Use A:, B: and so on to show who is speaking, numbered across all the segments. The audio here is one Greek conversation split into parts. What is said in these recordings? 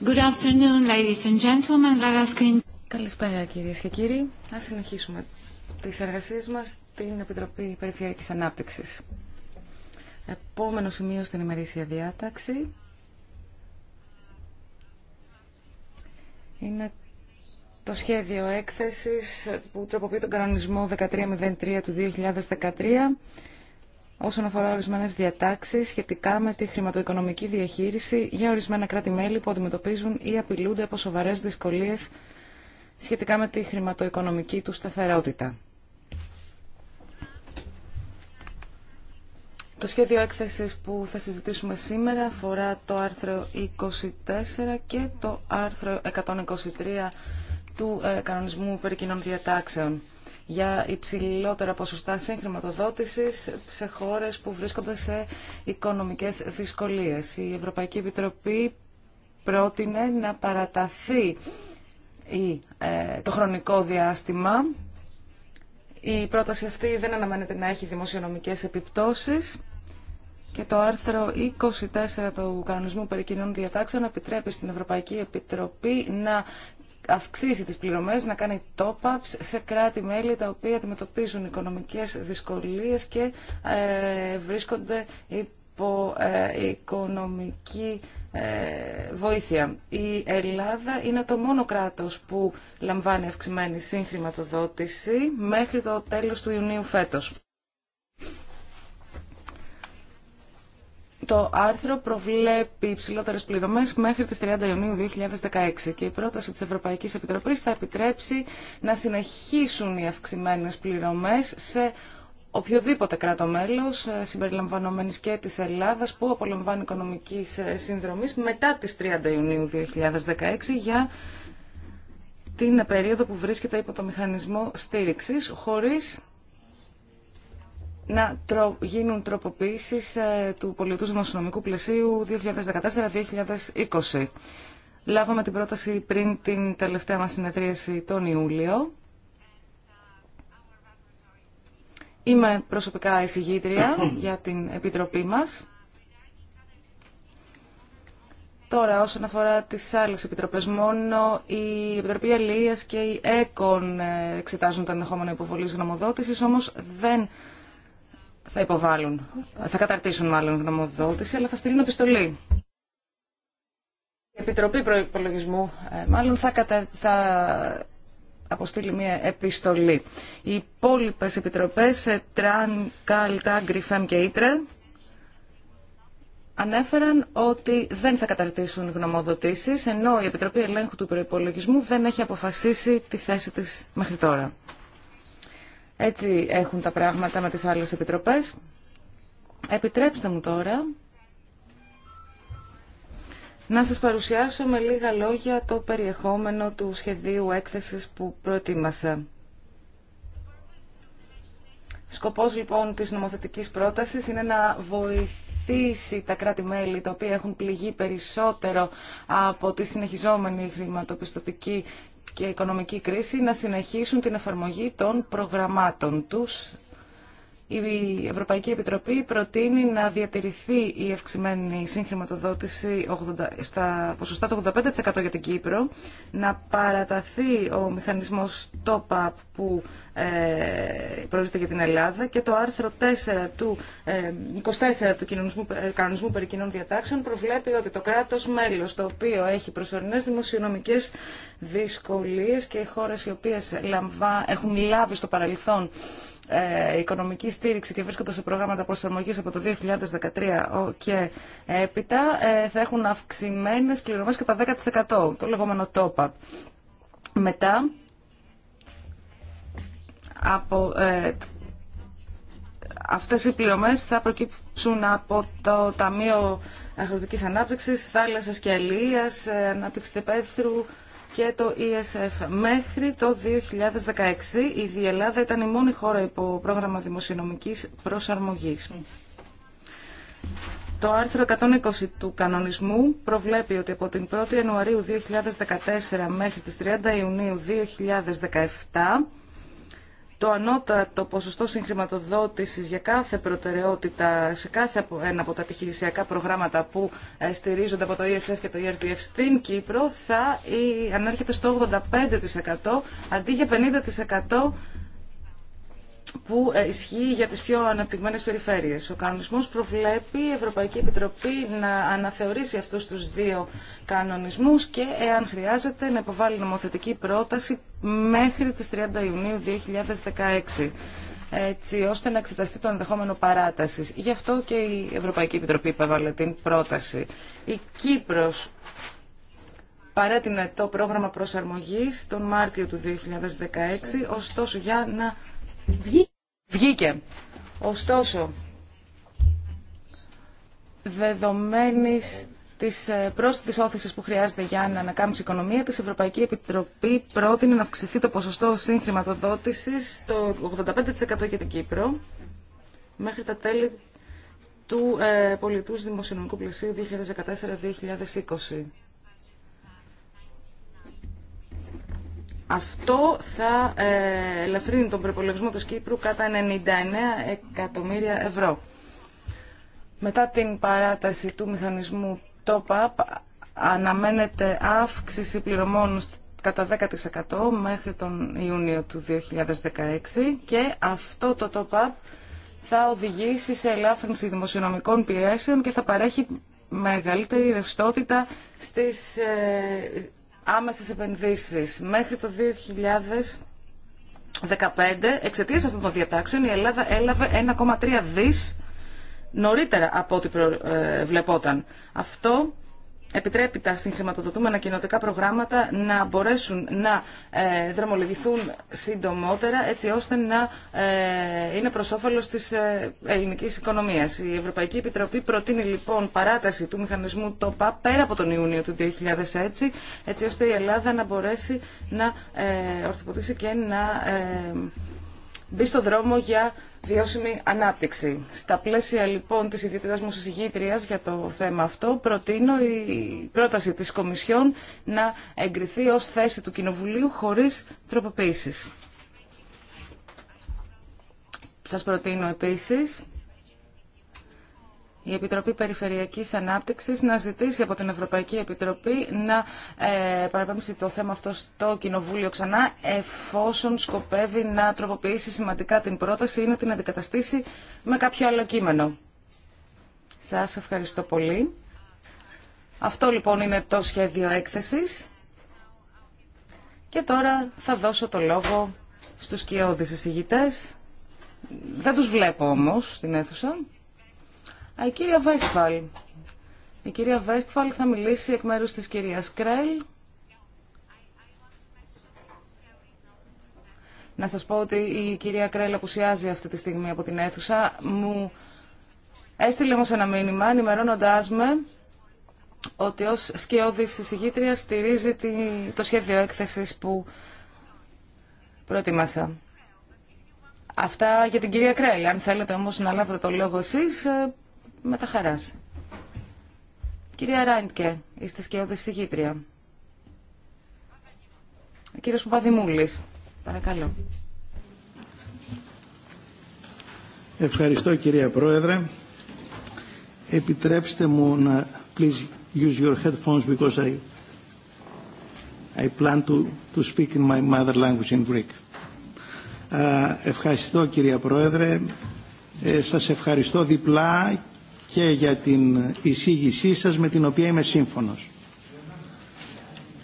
A: Good afternoon, ladies and gentlemen. Καλησπέρα κυρίες και κύριοι. Ας συνεχίσουμε τις εργασίες μας στην Επιτροπή Περιφερειακής Ανάπτυξης. Επόμενο σημείο στην ημερήσια διάταξη είναι το σχέδιο έκθεσης που τροποποιεί τον κανονισμό 1303 του 2013 όσον αφορά ορισμένε διατάξεις σχετικά με τη χρηματοοικονομική διαχείριση για ορισμένα κράτη-μέλη που αντιμετωπίζουν ή απειλούνται από σοβαρέ δυσκολίες σχετικά με τη χρηματοοικονομική του σταθερότητα. Το σχέδιο έκθεσης που θα συζητήσουμε σήμερα αφορά το άρθρο 24 και το άρθρο 123 του ε, Κανονισμού Περικοινών Διατάξεων για υψηλότερα ποσοστά σύγχρηματοδότηση σε χώρες που βρίσκονται σε οικονομικές δυσκολίες. Η Ευρωπαϊκή Επιτροπή πρότεινε να παραταθεί ε, το χρονικό διάστημα. Η πρόταση αυτή δεν αναμένεται να έχει δημοσιονομικές επιπτώσεις και το άρθρο 24 του Κανονισμού Περί Διατάξεων επιτρέπει στην Ευρωπαϊκή Επιτροπή να αυξήσει τις πληρωμές, να κάνει top-ups σε κράτη-μέλη τα οποία αντιμετωπίζουν οικονομικές δυσκολίες και ε, βρίσκονται υπό ε, οικονομική ε, βοήθεια. Η Ελλάδα είναι το μόνο κράτος που λαμβάνει αυξημένη συγχρηματοδότηση μέχρι το τέλος του Ιουνίου φέτος. Το άρθρο προβλέπει υψηλότερε πληρωμές μέχρι τις 30 Ιουνίου 2016 και η πρόταση τη Ευρωπαϊκή Επιτροπή θα επιτρέψει να συνεχίσουν οι αυξημένε πληρωμές σε οποιοδήποτε κράτο μέλος ε, συμπεριλαμβανομένης και της Ελλάδας που απολαμβάνει οικονομικής ε, σύνδρομη μετά τις 30 Ιουνίου 2016 για την περίοδο που βρίσκεται υπό το μηχανισμό στήριξη χωρί να γίνουν τροποποίησεις ε, του πολιτού δημοσιονομικού πλαισίου 2014-2020. Λάβαμε την πρόταση πριν την τελευταία μας συνεδρίαση τον Ιούλιο. Είμαι προσωπικά εισηγήτρια για την Επιτροπή μας. Τώρα, όσον αφορά τις άλλες επιτροπές, μόνο η Επιτροπή Αλληλείας και η ΕΚΟΝ ε, εξετάζουν το ενδεχόμενο υποβολή γνωμοδότησης, όμως δεν θα υποβάλουν, θα καταρτήσουν μάλλον γνωμοδότηση, αλλά θα στείλουν επιστολή. Η Επιτροπή Προϋπολογισμού ε, μάλλον θα, θα αποστείλει μια επιστολή. Οι υπόλοιπε επιτροπές, ε, Τραν, Κάλτα, Γκριφέμ και Ήτρε, ανέφεραν ότι δεν θα καταρτήσουν γνωμοδοτήσεις, ενώ η Επιτροπή Ελέγχου του Προϋπολογισμού δεν έχει αποφασίσει τη θέση της μέχρι τώρα. Έτσι έχουν τα πράγματα με τις άλλες επιτροπές. Επιτρέψτε μου τώρα να σας παρουσιάσω με λίγα λόγια το περιεχόμενο του σχεδίου έκθεσης που προετοίμασα. Σκοπός λοιπόν της νομοθετικής πρότασης είναι να βοηθήσει τα κράτη-μέλη τα οποία έχουν πληγεί περισσότερο από τη συνεχιζόμενη χρηματοπιστωτική και οικονομική κρίση να συνεχίσουν την εφαρμογή των προγραμμάτων τους η Ευρωπαϊκή Επιτροπή προτείνει να διατηρηθεί η αυξημένη συγχρηματοδότηση στα ποσοστά του 85% για την Κύπρο, να παραταθεί ο μηχανισμός top-up που ε, για την Ελλάδα και το άρθρο 4 του, 24 ε, του κοινωνισμού, ε, Κανονισμού περί Κοινών Διατάξεων προβλέπει ότι το κράτος μέλος το οποίο έχει προσωρινές δημοσιονομικές δυσκολίες και οι χώρες οι οποίες έχουν λάβει στο παρελθόν ε, οικονομική στήριξη και βρίσκονται σε προγράμματα προσαρμογή από το 2013 και έπειτα ε, θα έχουν αυξημένες πληρωμές κατά 10%, το λεγόμενο top-up. Μετά, από, ε, αυτές οι πληρωμές θα προκύψουν από το Ταμείο Αγροτικής Ανάπτυξης, Θάλασσας και Αλίας, Ανάπτυξη Τεπέθρου, και το ESF. Μέχρι το 2016 η Διελλάδα ήταν η μόνη χώρα υπό πρόγραμμα δημοσιονομικής προσαρμογής. Το άρθρο 120 του κανονισμού προβλέπει ότι από την 1η Ιανουαρίου 2014 μέχρι τις 30 Ιουνίου 2017 το ανώτατο ποσοστό συγχρηματοδότησης για κάθε προτεραιότητα σε κάθε ένα από τα επιχειρησιακά προγράμματα που ε, στηρίζονται από το ESF και το ERTF στην Κύπρο θα ε, ανέρχεται στο 85% αντί για 50% που ε, ισχύει για τις πιο αναπτυγμένες περιφέρειες. Ο κανονισμός προβλέπει η Ευρωπαϊκή Επιτροπή να αναθεωρήσει αυτούς τους δύο κανονισμούς και εάν χρειάζεται να υποβάλει νομοθετική πρόταση μέχρι τις 30 Ιουνίου 2016 έτσι ώστε να εξεταστεί το ενδεχόμενο παράταση. Γι' αυτό και η Ευρωπαϊκή Επιτροπή υπέβαλε την πρόταση. Η Κύπρος παρέτεινε το πρόγραμμα προσαρμογής τον Μάρτιο του 2016, ωστόσο για να Βγήκε. Ωστόσο, δεδομένης της ε, πρόσθετης όθησης που χρειάζεται για να ανακάμψει η οικονομία της, Ευρωπαϊκής Ευρωπαϊκή Επιτροπή πρότεινε να αυξηθεί το ποσοστό συγχρηματοδότησης στο 85% για την Κύπρο μέχρι τα τέλη του ε, πολιτούς δημοσιονομικού πλαισίου 2014-2020. Αυτό θα ε, ελαφρύνει τον προπολογισμό της Κύπρου κατά 99 εκατομμύρια ευρώ. Μετά την παράταση του μηχανισμού top-up αναμένεται αύξηση πληρωμών κατά 10% μέχρι τον Ιούνιο του 2016 και αυτό το top-up θα οδηγήσει σε ελάφρυνση δημοσιονομικών πιέσεων και θα παρέχει μεγαλύτερη ρευστότητα στις ε, άμεσες επενδύσεις. Μέχρι το 2015, εξαιτίας αυτών των διατάξεων, η Ελλάδα έλαβε 1,3 δις νωρίτερα από ό,τι ε, βλεπόταν. Αυτό επιτρέπει τα συγχρηματοδοτούμενα κοινοτικά προγράμματα να μπορέσουν να ε, δρομολογηθούν συντομότερα έτσι ώστε να ε, είναι προς όφελος της ε, ελληνικής Η Ευρωπαϊκή Επιτροπή προτείνει λοιπόν παράταση του μηχανισμού ΤΟΠΑ πέρα από τον Ιούνιο του 2006 έτσι ώστε η Ελλάδα να μπορέσει να ε, ορθοποδήσει και να ε, μπει στο δρόμο για βιώσιμη ανάπτυξη. Στα πλαίσια λοιπόν της ιδιαίτερας μου συζητήτριας για το θέμα αυτό, προτείνω η πρόταση της Κομισιόν να εγκριθεί ως θέση του Κοινοβουλίου χωρίς τροποποίησεις. Σας προτείνω επίσης η Επιτροπή Περιφερειακής Ανάπτυξης να ζητήσει από την Ευρωπαϊκή Επιτροπή να ε, παραπέμψει το θέμα αυτό στο Κοινοβούλιο ξανά εφόσον σκοπεύει να τροποποιήσει σημαντικά την πρόταση ή να την αντικαταστήσει με κάποιο άλλο κείμενο. Σας ευχαριστώ πολύ. Αυτό λοιπόν είναι το σχέδιο έκθεσης. Και τώρα θα δώσω το λόγο στους κοιόδης εισηγητές. Δεν τους βλέπω όμως στην αίθουσα. Η κυρία Βέστφαλ. Η κυρία Βέστφαλ θα μιλήσει εκ μέρους της κυρίας Κρέλ. Να σας πω ότι η κυρία Κρέλ απουσιάζει αυτή τη στιγμή από την αίθουσα. Μου έστειλε όμως ένα μήνυμα ενημερώνοντά με ότι ως σκιώδης εισηγήτρια στηρίζει το σχέδιο έκθεσης που προετοίμασα. Αυτά για την κυρία Κρέλ. Αν θέλετε όμως να λάβετε το λόγο εσείς, ε, με τα χαράς. Κυρία Ράιντκε, είστε σκιώδης συγγήτρια. Ο κύριος Παπαδημούλης, παρακαλώ.
B: Ευχαριστώ κυρία Πρόεδρε. Επιτρέψτε μου να please use your headphones because I I plan to, to speak in my mother language in Greek. Uh, ευχαριστώ κυρία Πρόεδρε. Ε, σας ευχαριστώ διπλά και για την εισήγησή σας με την οποία είμαι σύμφωνος.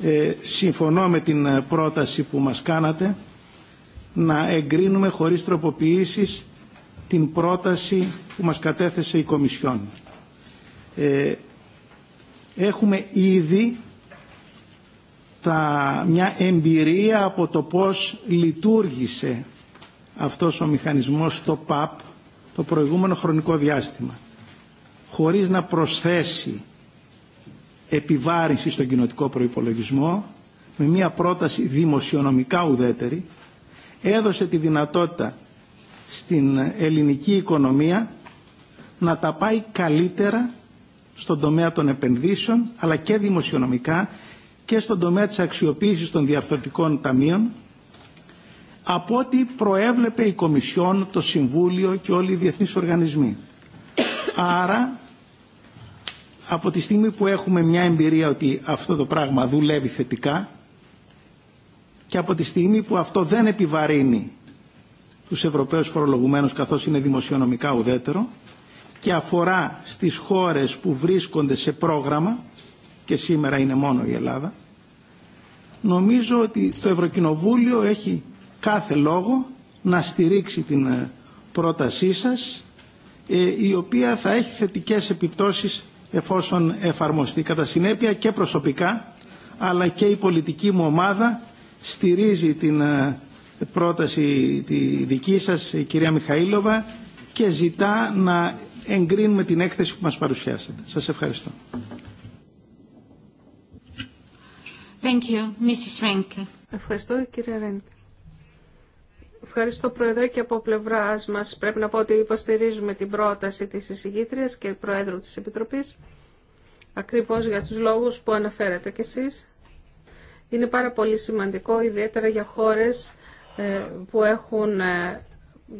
B: Ε, συμφωνώ με την πρόταση που μας κάνατε να εγκρίνουμε χωρίς τροποποιήσεις την πρόταση που μας κατέθεσε η Κομισιόν. Ε, έχουμε ήδη τα, μια εμπειρία από το πώς λειτουργήσε αυτός ο μηχανισμός στο ΠΑΠ το προηγούμενο χρονικό διάστημα χωρίς να προσθέσει επιβάρυνση στον κοινοτικό προϋπολογισμό με μια πρόταση δημοσιονομικά ουδέτερη έδωσε τη δυνατότητα στην ελληνική οικονομία να τα πάει καλύτερα στον τομέα των επενδύσεων αλλά και δημοσιονομικά και στον τομέα της αξιοποίησης των διαρθρωτικών ταμείων από ό,τι προέβλεπε η Κομισιόν, το Συμβούλιο και όλοι οι διεθνείς οργανισμοί. Άρα από τη στιγμή που έχουμε μια εμπειρία ότι αυτό το πράγμα δουλεύει θετικά και από τη στιγμή που αυτό δεν επιβαρύνει τους Ευρωπαίους φορολογουμένους καθώς είναι δημοσιονομικά ουδέτερο και αφορά στις χώρες που βρίσκονται σε πρόγραμμα και σήμερα είναι μόνο η Ελλάδα νομίζω ότι το Ευρωκοινοβούλιο έχει κάθε λόγο να στηρίξει την ε, πρότασή σας ε, η οποία θα έχει θετικές επιπτώσεις εφόσον εφαρμοστεί. Κατά συνέπεια και προσωπικά αλλά και η πολιτική μου ομάδα στηρίζει την ε, πρόταση τη δική σας κυρία Μιχαήλοβα και ζητά να εγκρίνουμε την έκθεση που μας παρουσιάσατε. Σας ευχαριστώ.
C: Thank you, Ευχαριστώ, Ευχαριστώ Πρόεδρε και από πλευρά μας πρέπει να πω ότι υποστηρίζουμε την πρόταση της εισηγήτριας και Προέδρου της Επιτροπής ακριβώς για τους λόγους που αναφέρατε κι εσείς. Είναι πάρα πολύ σημαντικό ιδιαίτερα για χώρες ε, που έχουν ε,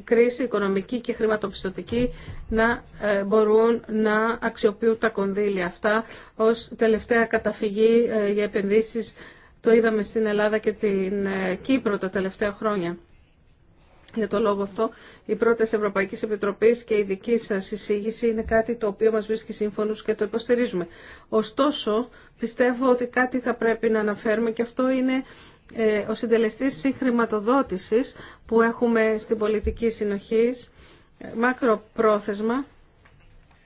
C: κρίση οικονομική και χρηματοπιστωτική να ε, μπορούν να αξιοποιούν τα κονδύλια αυτά ως τελευταία καταφυγή για επενδύσεις. Το είδαμε στην Ελλάδα και την Κύπρο τα τελευταία χρόνια. Για το λόγο αυτό, η πρώτη ευρωπαϊκή Επιτροπή και η δική σας εισήγηση είναι κάτι το οποίο μας βρίσκει σύμφωνο και το υποστηρίζουμε. Ωστόσο, πιστεύω ότι κάτι θα πρέπει να αναφέρουμε και αυτό είναι ε, ο συντελεστής συγχρηματοδότηση που έχουμε στην πολιτική συνοχή, ε, μακροπρόθεσμα,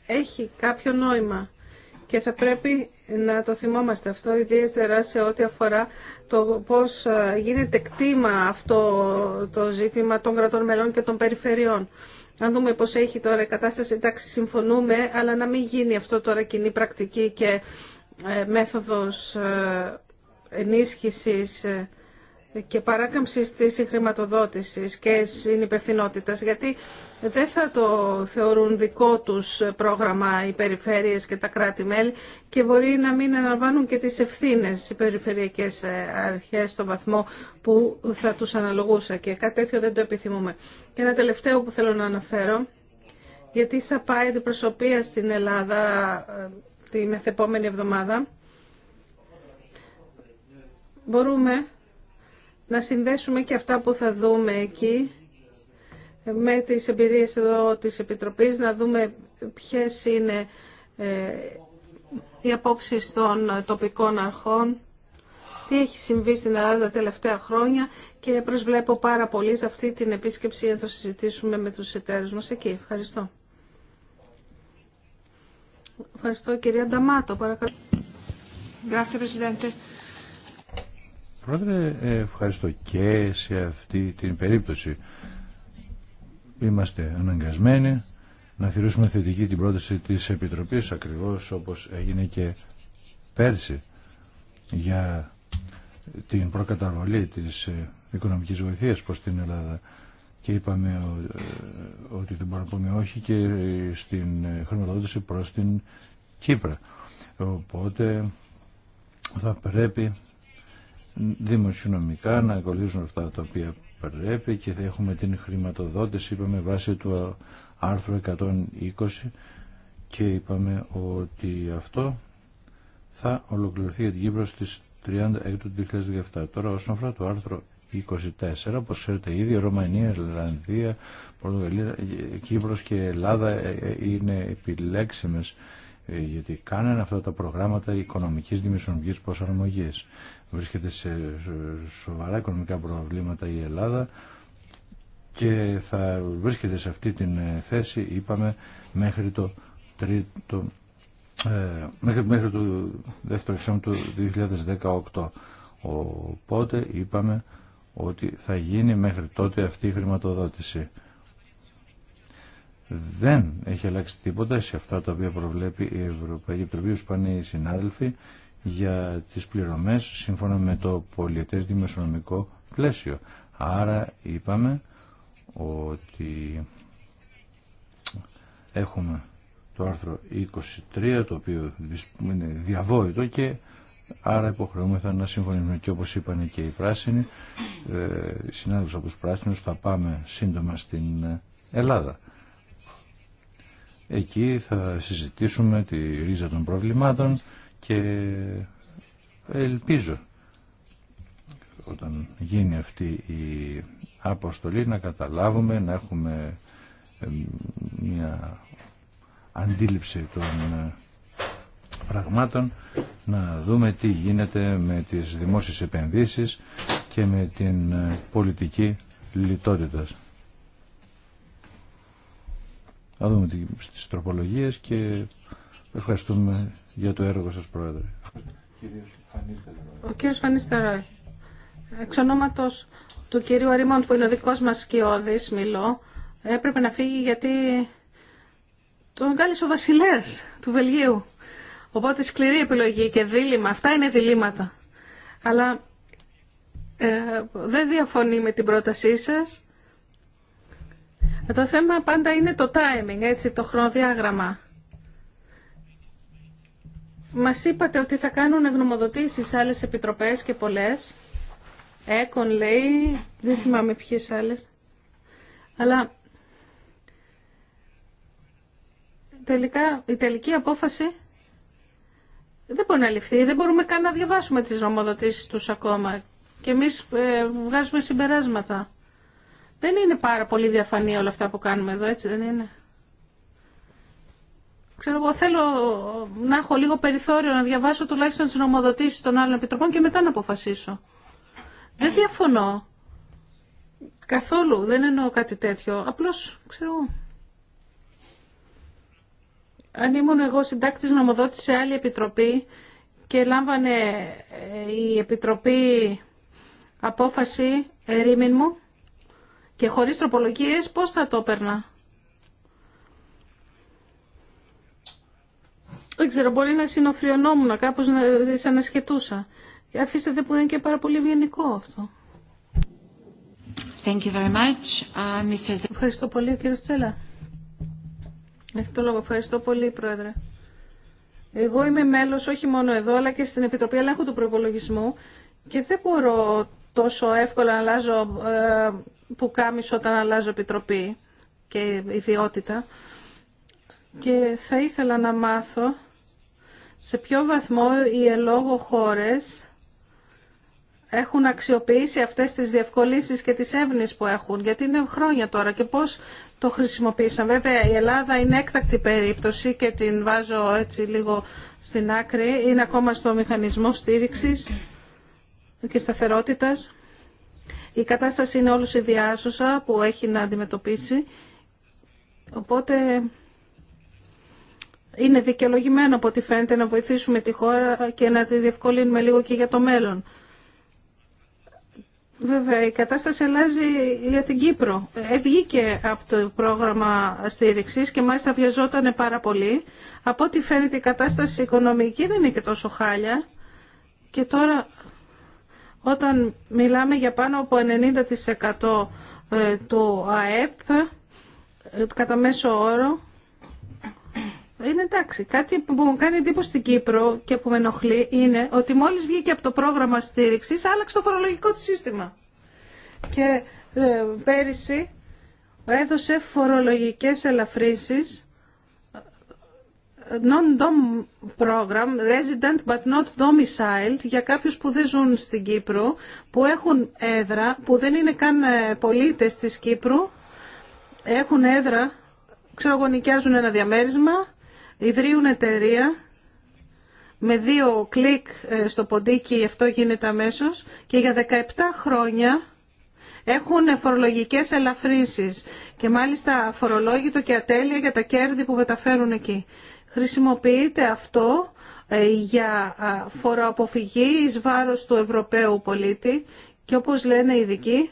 C: έχει κάποιο νόημα και θα πρέπει να το θυμόμαστε αυτό, ιδιαίτερα σε ό,τι αφορά το πώς γίνεται κτήμα αυτό το ζήτημα των κρατών μελών και των περιφερειών. Αν δούμε πώς έχει τώρα η κατάσταση, εντάξει, συμφωνούμε, αλλά να μην γίνει αυτό τώρα κοινή πρακτική και ε, μέθοδος ε, ενίσχυσης ε, και παράκαμψη τη χρηματοδότηση και συνυπευθυνότητα, γιατί δεν θα το θεωρούν δικό τους πρόγραμμα οι περιφέρειες και τα κράτη-μέλη και μπορεί να μην αναλαμβάνουν και τις ευθύνε οι περιφερειακές αρχές στον βαθμό που θα τους αναλογούσα και κάτι τέτοιο δεν το επιθυμούμε. Και ένα τελευταίο που θέλω να αναφέρω, γιατί θα πάει προσωπία στην Ελλάδα ε, την επόμενη εβδομάδα, μπορούμε να συνδέσουμε και αυτά που θα δούμε εκεί με τις εμπειρίες εδώ της Επιτροπής, να δούμε ποιες είναι ε, οι απόψεις των τοπικών αρχών, τι έχει συμβεί στην Ελλάδα τα τελευταία χρόνια και προσβλέπω πάρα πολύ σε αυτή την επίσκεψη να το συζητήσουμε με τους εταίρους μας εκεί. Ευχαριστώ. Ευχαριστώ κυρία Νταμάτο, παρακαλώ. Grazie
D: Πρόεδρε, ευχαριστώ και σε αυτή την περίπτωση. Είμαστε αναγκασμένοι να θυρίσουμε θετική την πρόταση της Επιτροπής, ακριβώς όπως έγινε και πέρσι για την προκαταβολή της ε, οικονομικής βοηθείας προς την Ελλάδα και είπαμε ε, ότι δεν μπορούμε να πούμε όχι και ε, στην χρηματοδότηση προς την Κύπρα. Οπότε θα πρέπει δημοσιονομικά να ακολουθήσουν αυτά τα οποία πρέπει και θα έχουμε την χρηματοδότηση, είπαμε, βάσει του άρθρου 120 και είπαμε ότι αυτό θα ολοκληρωθεί για την Κύπρο στις 30 του 2017. Τώρα όσον αφορά το άρθρο 24, όπως ξέρετε ήδη, Ρωμανία, Ελλανδία, Πορτογαλία, Κύπρος και Ελλάδα ε, ε, είναι επιλέξιμες ε, γιατί κάνανε αυτά τα προγράμματα οικονομικής δημοσιονομικής προσαρμογής βρίσκεται σε σοβαρά οικονομικά προβλήματα η Ελλάδα και θα βρίσκεται σε αυτή την ε, θέση, είπαμε, μέχρι το, τρίτο, ε, μέχρι, το δεύτερο εξάμεινο του 2018. Οπότε είπαμε ότι θα γίνει μέχρι τότε αυτή η χρηματοδότηση. Δεν έχει αλλάξει τίποτα σε αυτά τα οποία προβλέπει η Ευρωπαϊκή Επιτροπή, οι συνάδελφοι για τις πληρωμές σύμφωνα με το πολιετές δημοσιονομικό πλαίσιο. Άρα είπαμε ότι έχουμε το άρθρο 23 το οποίο είναι διαβόητο και άρα υποχρεούμεθα να συμφωνήσουμε και όπως είπαν και οι πράσινοι ε, συνάδελφοι από τους πράσινους θα πάμε σύντομα στην Ελλάδα. Εκεί θα συζητήσουμε τη ρίζα των προβλημάτων και ελπίζω όταν γίνει αυτή η αποστολή να καταλάβουμε, να έχουμε μια αντίληψη των ε, πραγμάτων, να δούμε τι γίνεται με τις δημόσιες επενδύσεις και με την ε, πολιτική λιτότητα. Να δούμε τις τροπολογίες και Ευχαριστούμε για το έργο σας, Πρόεδρε.
C: Ο κύριος Φανίστερα. εξ ονόματος του κυρίου Αρήμαντ που είναι ο δικός μας σκιώδης, μιλώ, έπρεπε να φύγει γιατί τον κάλεσε ο βασιλέας του Βελγίου. Οπότε σκληρή επιλογή και δίλημα. Αυτά είναι διλήμματα. Αλλά ε, δεν διαφωνεί με την πρότασή σας. Ε, το θέμα πάντα είναι το timing, έτσι, το χρονοδιάγραμμα. Μας είπατε ότι θα κάνουν γνωμοδοτήσεις άλλες επιτροπές και πολλές. Έκον λέει, δεν θυμάμαι ποιες άλλες. Αλλά τελικά, η τελική απόφαση δεν μπορεί να ληφθεί. Δεν μπορούμε καν να διαβάσουμε τις νομοδοτήσεις τους ακόμα. Και εμείς ε, βγάζουμε συμπεράσματα. Δεν είναι πάρα πολύ διαφανή όλα αυτά που κάνουμε εδώ, έτσι δεν είναι. Ξέρω εγώ θέλω να έχω λίγο περιθώριο να διαβάσω τουλάχιστον τι νομοδοτήσει των άλλων επιτροπών και μετά να αποφασίσω. Δεν διαφωνώ. Καθόλου. Δεν εννοώ κάτι τέτοιο. Απλώς, ξέρω εγώ. Αν ήμουν εγώ συντάκτη νομοδότης σε άλλη επιτροπή και λάμβανε ε, η επιτροπή απόφαση ερήμην μου και χωρίς τροπολογίες, πώς θα το έπαιρνα. Δεν ξέρω, μπορεί να συνοφριωνόμουν, κάπως να δυσανασχετούσα. Αφήστε δε που είναι και πάρα πολύ βιενικό αυτό. Thank you very much. Uh, Mr. Ευχαριστώ πολύ, κύριε Τσέλα. Έχει το λόγο. Ευχαριστώ πολύ, Πρόεδρε. Εγώ είμαι μέλος όχι μόνο εδώ, αλλά και στην Επιτροπή Ελέγχου του Προπολογισμού και δεν μπορώ τόσο εύκολα να αλλάζω ε, που κάμισο όταν αλλάζω επιτροπή και ιδιότητα. Και θα ήθελα να μάθω σε ποιο βαθμό οι ελόγω χώρες έχουν αξιοποιήσει αυτές τις διευκολύνσεις και τις εύνης που έχουν, γιατί είναι χρόνια τώρα και πώς το χρησιμοποίησαν. Βέβαια η Ελλάδα είναι έκτακτη περίπτωση και την βάζω έτσι λίγο στην άκρη. Είναι ακόμα στο μηχανισμό στήριξης και σταθερότητας. Η κατάσταση είναι όλους διάσωσα που έχει να αντιμετωπίσει. Οπότε είναι δικαιολογημένο από ό,τι φαίνεται να βοηθήσουμε τη χώρα και να τη διευκολύνουμε λίγο και για το μέλλον. Βέβαια, η κατάσταση αλλάζει για την Κύπρο. Ε, βγήκε από το πρόγραμμα στήριξη και μάλιστα βιαζόταν πάρα πολύ. Από ό,τι φαίνεται η κατάσταση οικονομική δεν είναι και τόσο χάλια. Και τώρα όταν μιλάμε για πάνω από 90% ε, του ΑΕΠ, ε, κατά μέσο όρο, είναι εντάξει. Κάτι που μου κάνει εντύπωση στην Κύπρο και που με ενοχλεί είναι ότι μόλις βγήκε από το πρόγραμμα στήριξης άλλαξε το φορολογικό τη σύστημα. Και ε, πέρυσι έδωσε φορολογικέ ελαφρύνσεις ε, non-dom program, resident but not domiciled, για κάποιους που δεν ζουν στην Κύπρο, που έχουν έδρα, που δεν είναι καν ε, πολίτες της Κύπρου, έχουν έδρα, ξέρω, ένα διαμέρισμα ιδρύουν εταιρεία με δύο κλικ ε, στο ποντίκι, αυτό γίνεται αμέσω και για 17 χρόνια έχουν φορολογικές ελαφρύνσεις και μάλιστα φορολόγητο και ατέλεια για τα κέρδη που μεταφέρουν εκεί. Χρησιμοποιείται αυτό ε, για φοροαποφυγή εις βάρος του Ευρωπαίου πολίτη και όπως λένε οι ειδικοί,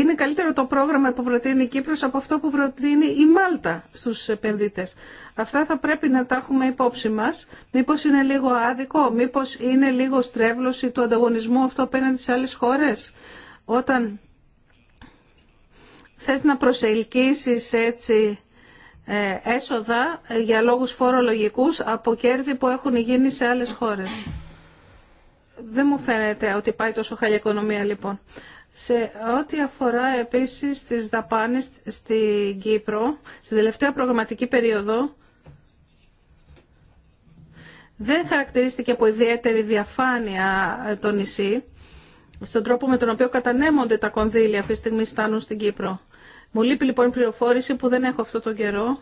C: είναι καλύτερο το πρόγραμμα που προτείνει η Κύπρος από αυτό που προτείνει η Μάλτα στους επενδυτές. Αυτά θα πρέπει να τα έχουμε υπόψη μας. Μήπως είναι λίγο άδικο, μήπως είναι λίγο στρέβλωση του ανταγωνισμού αυτό απέναντι σε άλλες χώρες. Όταν θες να προσελκύσεις έτσι ε, έσοδα ε, για λόγους φορολογικούς από κέρδη που έχουν γίνει σε άλλες χώρες. Δεν μου φαίνεται ότι πάει τόσο χαλιά λοιπόν. Σε ό,τι αφορά επίσης τις δαπάνες στην Κύπρο, στην τελευταία προγραμματική περίοδο, δεν χαρακτηρίστηκε από ιδιαίτερη διαφάνεια το νησί, στον τρόπο με τον οποίο κατανέμονται τα κονδύλια αυτή τη στιγμή στάνουν στην Κύπρο. Μου λείπει λοιπόν πληροφόρηση που δεν έχω αυτό τον καιρό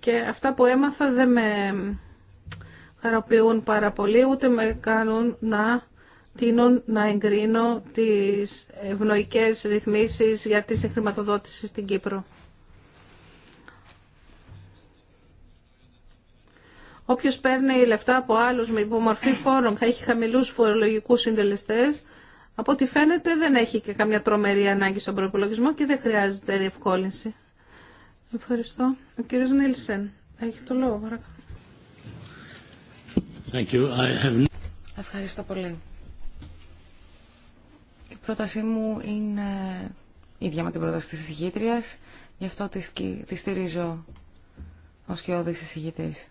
C: και αυτά που έμαθα δεν με χαροποιούν πάρα πολύ, ούτε με κάνουν να τείνουν να εγκρίνω τις ευνοϊκές ρυθμίσεις για τη συγχρηματοδότηση στην Κύπρο. Όποιο παίρνει λεφτά από άλλους με υπομορφή φόρων και έχει χαμηλούς φορολογικούς συντελεστές, από ό,τι φαίνεται δεν έχει και καμιά τρομερή ανάγκη στον προπολογισμό και δεν χρειάζεται διευκόλυνση. Ευχαριστώ. Ο κύριος Νίλσεν, έχει το λόγο παρακαλώ.
A: Ευχαριστώ πολύ πρότασή μου είναι ίδια με την πρόταση της εισηγήτριας, γι' αυτό τη, στηρίζω ως και όδης εισηγητής.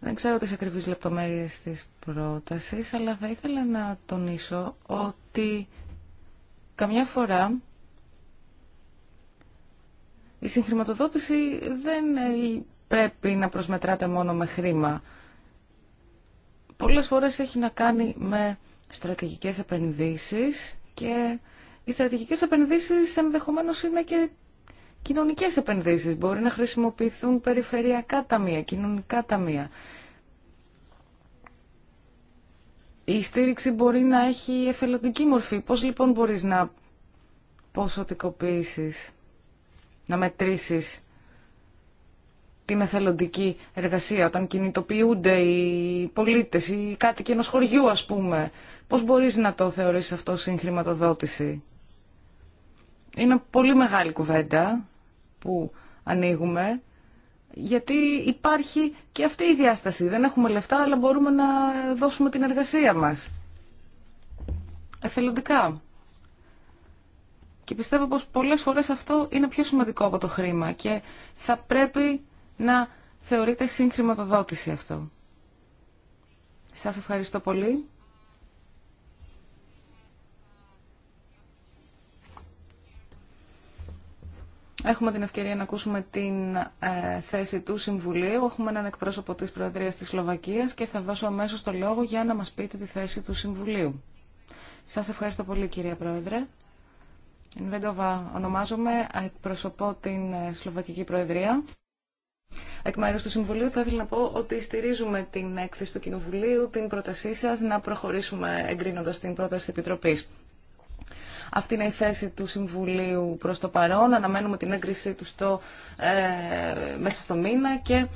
A: Δεν ξέρω τις ακριβείς λεπτομέρειες της πρότασης, αλλά θα ήθελα να τονίσω ότι καμιά φορά η συγχρηματοδότηση δεν ε, πρέπει να προσμετράται μόνο με χρήμα. Πολλές φορές έχει να κάνει με στρατηγικές επενδύσεις και οι στρατηγικές επενδύσεις ενδεχομένως είναι και κοινωνικές επενδύσεις. Μπορεί να χρησιμοποιηθούν περιφερειακά ταμεία, κοινωνικά ταμεία. Η στήριξη μπορεί να έχει εθελοντική μορφή. Πώς λοιπόν μπορείς να ποσοτικοποιήσεις, να μετρήσεις την εθελοντική εργασία, όταν κινητοποιούνται οι πολίτες ή οι κάτοικοι ενό χωριού ας πούμε. Πώς μπορείς να το θεωρήσεις αυτό συγχρηματοδότηση. Είναι πολύ μεγάλη κουβέντα που ανοίγουμε, γιατί υπάρχει και αυτή η διάσταση. Δεν έχουμε λεφτά, αλλά μπορούμε να δώσουμε την εργασία μας. Εθελοντικά. Και πιστεύω πως πολλές φορές αυτό είναι πιο σημαντικό από το χρήμα και θα πρέπει να θεωρείται συγχρηματοδότηση αυτό. Σας ευχαριστώ πολύ. Έχουμε την ευκαιρία να ακούσουμε την ε, θέση του Συμβουλίου. Έχουμε έναν εκπρόσωπο της Προεδρίας της Σλοβακίας και θα δώσω αμέσως το λόγο για να μας πείτε τη θέση του Συμβουλίου. Σας ευχαριστώ πολύ κυρία Πρόεδρε. Ενβέντοβα ονομάζομαι, εκπροσωπώ την ε, Σλοβακική Προεδρία. Εκ μέρου του Συμβουλίου θα ήθελα να πω ότι στηρίζουμε την έκθεση του Κοινοβουλίου, την πρότασή σα να προχωρήσουμε εγκρίνοντα την πρόταση τη Επιτροπή. Αυτή είναι η θέση του Συμβουλίου προ το παρόν. Αναμένουμε την έγκρισή του στο, ε, μέσα στο μήνα και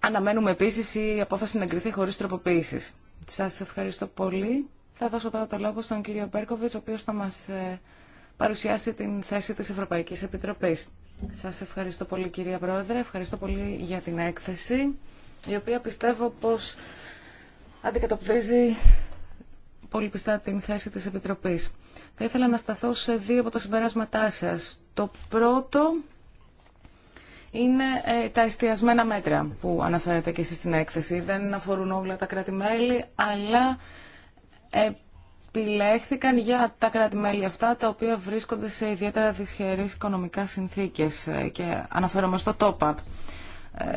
A: αναμένουμε επίση η απόφαση να εγκριθεί χωρί τροποποίηση. Σα ευχαριστώ πολύ. Θα δώσω τώρα το λόγο στον κύριο Μπέρκοβιτ, ο οποίο θα μα ε, παρουσιάσει την θέση τη Ευρωπαϊκή Επιτροπή. Σας ευχαριστώ πολύ κυρία Πρόεδρε, ευχαριστώ πολύ για την έκθεση, η οποία πιστεύω πως αντικατοπτρίζει πολύ πιστά την θέση της Επιτροπής. Θα ήθελα να σταθώ σε δύο από τα συμπεράσματά σας. Το πρώτο είναι ε, τα εστιασμένα μέτρα που αναφέρετε και εσείς στην έκθεση. Δεν αφορούν όλα τα κράτη-μέλη, αλλά ε, επιλέχθηκαν για τα κράτη-μέλη αυτά, τα οποία βρίσκονται σε ιδιαίτερα δυσχερείς οικονομικά συνθήκες ε, και αναφέρομαι στο top-up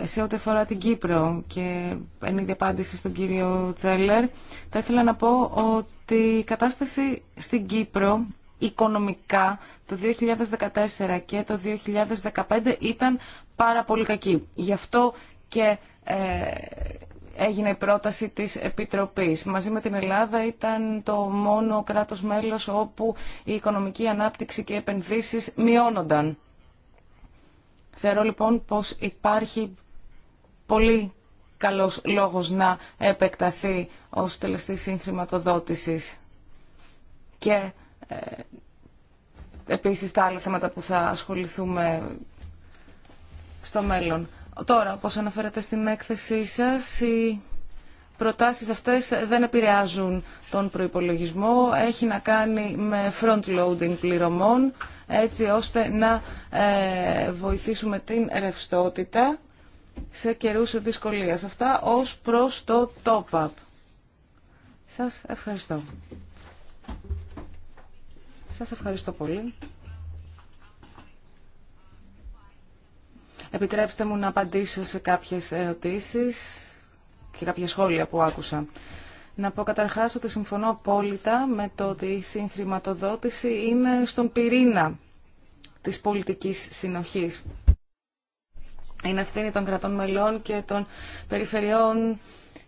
A: ε, σε ό,τι αφορά την Κύπρο και εν είδη απάντηση στον κύριο Τσέλερ, θα ήθελα να πω ότι η κατάσταση στην Κύπρο οικονομικά το 2014 και το 2015 ήταν πάρα πολύ κακή. Γι' αυτό και ε, έγινε η πρόταση της Επιτροπής. Μαζί με την Ελλάδα ήταν το μόνο κράτος μέλος όπου η οικονομική ανάπτυξη και οι επενδύσεις μειώνονταν. Θεωρώ λοιπόν πως υπάρχει πολύ καλός λόγος να επεκταθεί ως τελεστή συγχρηματοδότηση και ε, επίσης τα άλλα θέματα που θα ασχοληθούμε στο μέλλον. Τώρα, όπως αναφέρατε στην έκθεσή σας, οι προτάσεις αυτές δεν επηρεάζουν τον προϋπολογισμό. Έχει να κάνει με front-loading πληρωμών, έτσι ώστε να ε, βοηθήσουμε την ρευστότητα σε καιρούς δυσκολίας. Αυτά ως προς το top-up. Σας ευχαριστώ. Σας ευχαριστώ πολύ. Επιτρέψτε μου να απαντήσω σε κάποιες ερωτήσεις και κάποια σχόλια που άκουσα. Να πω καταρχάς ότι συμφωνώ απόλυτα με το ότι η συγχρηματοδότηση είναι στον πυρήνα της πολιτικής συνοχής. Είναι ευθύνη των κρατών μελών και των περιφερειών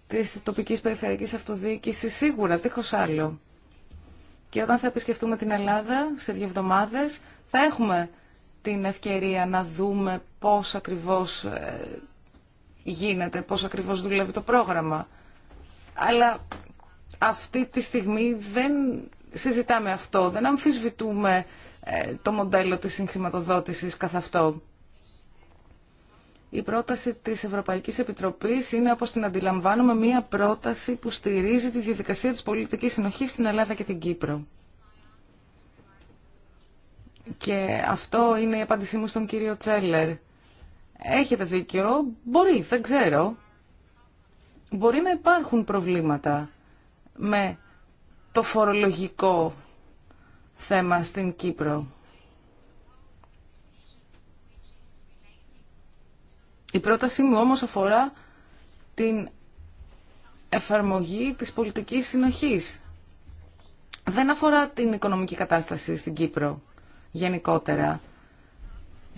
A: της τοπικής περιφερειακής αυτοδιοίκησης σίγουρα, δίχως άλλο. Και όταν θα επισκεφτούμε την Ελλάδα σε δύο εβδομάδες θα έχουμε την ευκαιρία να δούμε πώς ακριβώς ε, γίνεται, πώς ακριβώς δουλεύει το πρόγραμμα. Αλλά αυτή τη στιγμή δεν συζητάμε αυτό, δεν αμφισβητούμε ε, το μοντέλο της συγχρηματοδότησης καθ' αυτό. Η πρόταση της Ευρωπαϊκής Επιτροπής είναι, όπως την αντιλαμβάνομαι, μία πρόταση που στηρίζει τη διαδικασία της πολιτικής συνοχής στην Ελλάδα και την Κύπρο. Και αυτό είναι η απάντησή μου στον κύριο Τσέλερ. Έχετε δίκιο, μπορεί, δεν ξέρω. Μπορεί να υπάρχουν προβλήματα με το φορολογικό θέμα στην Κύπρο. Η πρότασή μου όμως αφορά την εφαρμογή της πολιτικής συνοχής. Δεν αφορά την οικονομική κατάσταση στην Κύπρο γενικότερα.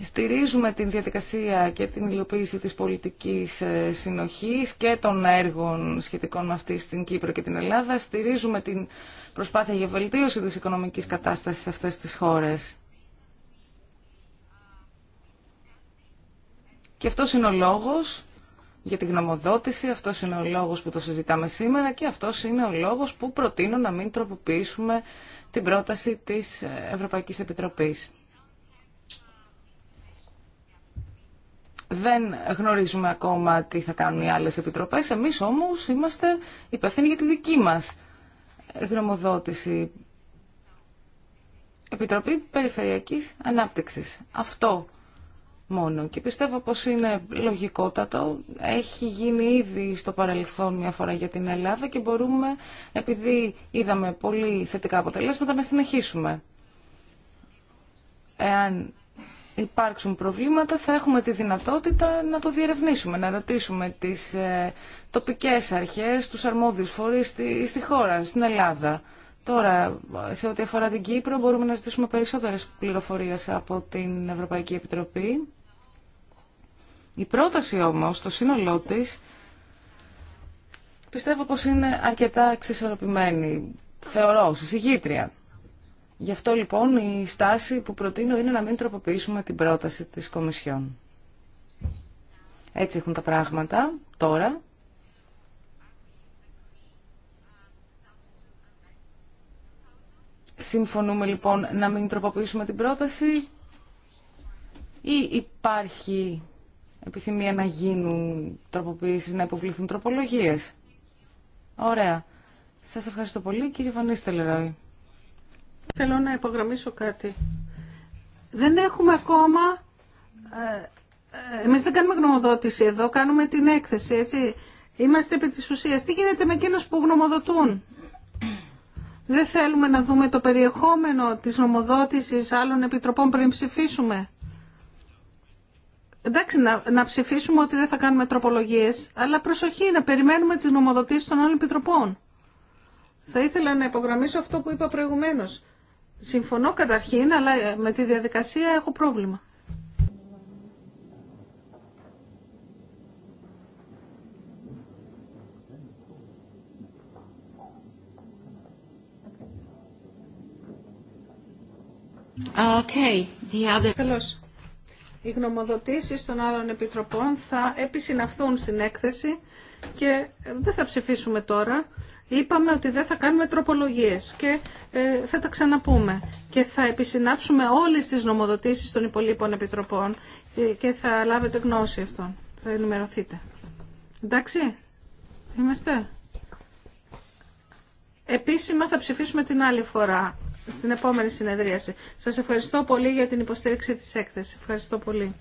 A: Στηρίζουμε την διαδικασία και την υλοποίηση της πολιτικής ε, συνοχής και των έργων σχετικών με αυτή στην Κύπρο και την Ελλάδα. Στηρίζουμε την προσπάθεια για βελτίωση της οικονομικής κατάστασης σε αυτές τις χώρες. Και αυτός είναι ο λόγος για την γνωμοδότηση, αυτός είναι ο λόγος που το συζητάμε σήμερα και αυτός είναι ο λόγος που προτείνω να μην τροποποιήσουμε την πρόταση της Ευρωπαϊκής Επιτροπής. Δεν γνωρίζουμε ακόμα τι θα κάνουν οι άλλες επιτροπές. Εμείς όμως είμαστε υπευθύνοι για τη δική μας γνωμοδότηση. Επιτροπή Περιφερειακής Ανάπτυξης. Αυτό μόνο. Και πιστεύω πως είναι λογικότατο. Έχει γίνει ήδη στο παρελθόν μια φορά για την Ελλάδα και μπορούμε, επειδή είδαμε πολύ θετικά αποτελέσματα, να συνεχίσουμε. Εάν υπάρξουν προβλήματα θα έχουμε τη δυνατότητα να το διερευνήσουμε, να ρωτήσουμε τις ε, τοπικές αρχές, τους αρμόδιους φορείς στη χώρα, στην Ελλάδα. Τώρα, σε ό,τι αφορά την Κύπρο, μπορούμε να ζητήσουμε περισσότερες πληροφορίες από την Ευρωπαϊκή Επιτροπή. Η πρόταση όμως, το σύνολό της, πιστεύω πως είναι αρκετά εξισορροπημένη. Θεωρώ, συγγήτρια. Γι' αυτό λοιπόν η στάση που προτείνω είναι να μην τροποποιήσουμε την πρόταση της Κομισιόν. Έτσι έχουν τα πράγματα τώρα. Συμφωνούμε λοιπόν να μην τροποποιήσουμε την πρόταση ή υπάρχει επιθυμία να γίνουν τροποποιήσεις, να υποβληθούν τροπολογίες. Ωραία. Σας ευχαριστώ πολύ κύριε Βανίστα Θέλω να υπογραμμίσω κάτι.
C: Δεν έχουμε ακόμα... Ε, ε, εμείς δεν κάνουμε γνωμοδότηση εδώ, κάνουμε την έκθεση, έτσι. Είμαστε επί της ουσίας. Τι γίνεται με εκείνους που γνωμοδοτούν. Δεν θέλουμε να δούμε το περιεχόμενο της νομοδότησης άλλων επιτροπών πριν ψηφίσουμε. Εντάξει, να, να ψηφίσουμε ότι δεν θα κάνουμε τροπολογίες, αλλά προσοχή να περιμένουμε τις νομοδοτήσεις των άλλων επιτροπών. Θα ήθελα να υπογραμμίσω αυτό που είπα προηγουμένως. Συμφωνώ καταρχήν, αλλά με τη διαδικασία έχω πρόβλημα. Okay. Οι γνωμοδοτήσεις των άλλων επιτροπών θα επισυναυθούν στην έκθεση και δεν θα ψηφίσουμε τώρα. Είπαμε ότι δεν θα κάνουμε τροπολογίες και ε, θα τα ξαναπούμε και θα επισυνάψουμε όλες τις νομοδοτήσεις των υπολείπων επιτροπών και θα λάβετε γνώση αυτών. Θα ενημερωθείτε. Εντάξει, είμαστε. Επίσημα θα ψηφίσουμε την άλλη φορά στην επόμενη συνεδρίαση. Σας ευχαριστώ πολύ για την υποστήριξη της έκθεσης. Ευχαριστώ πολύ.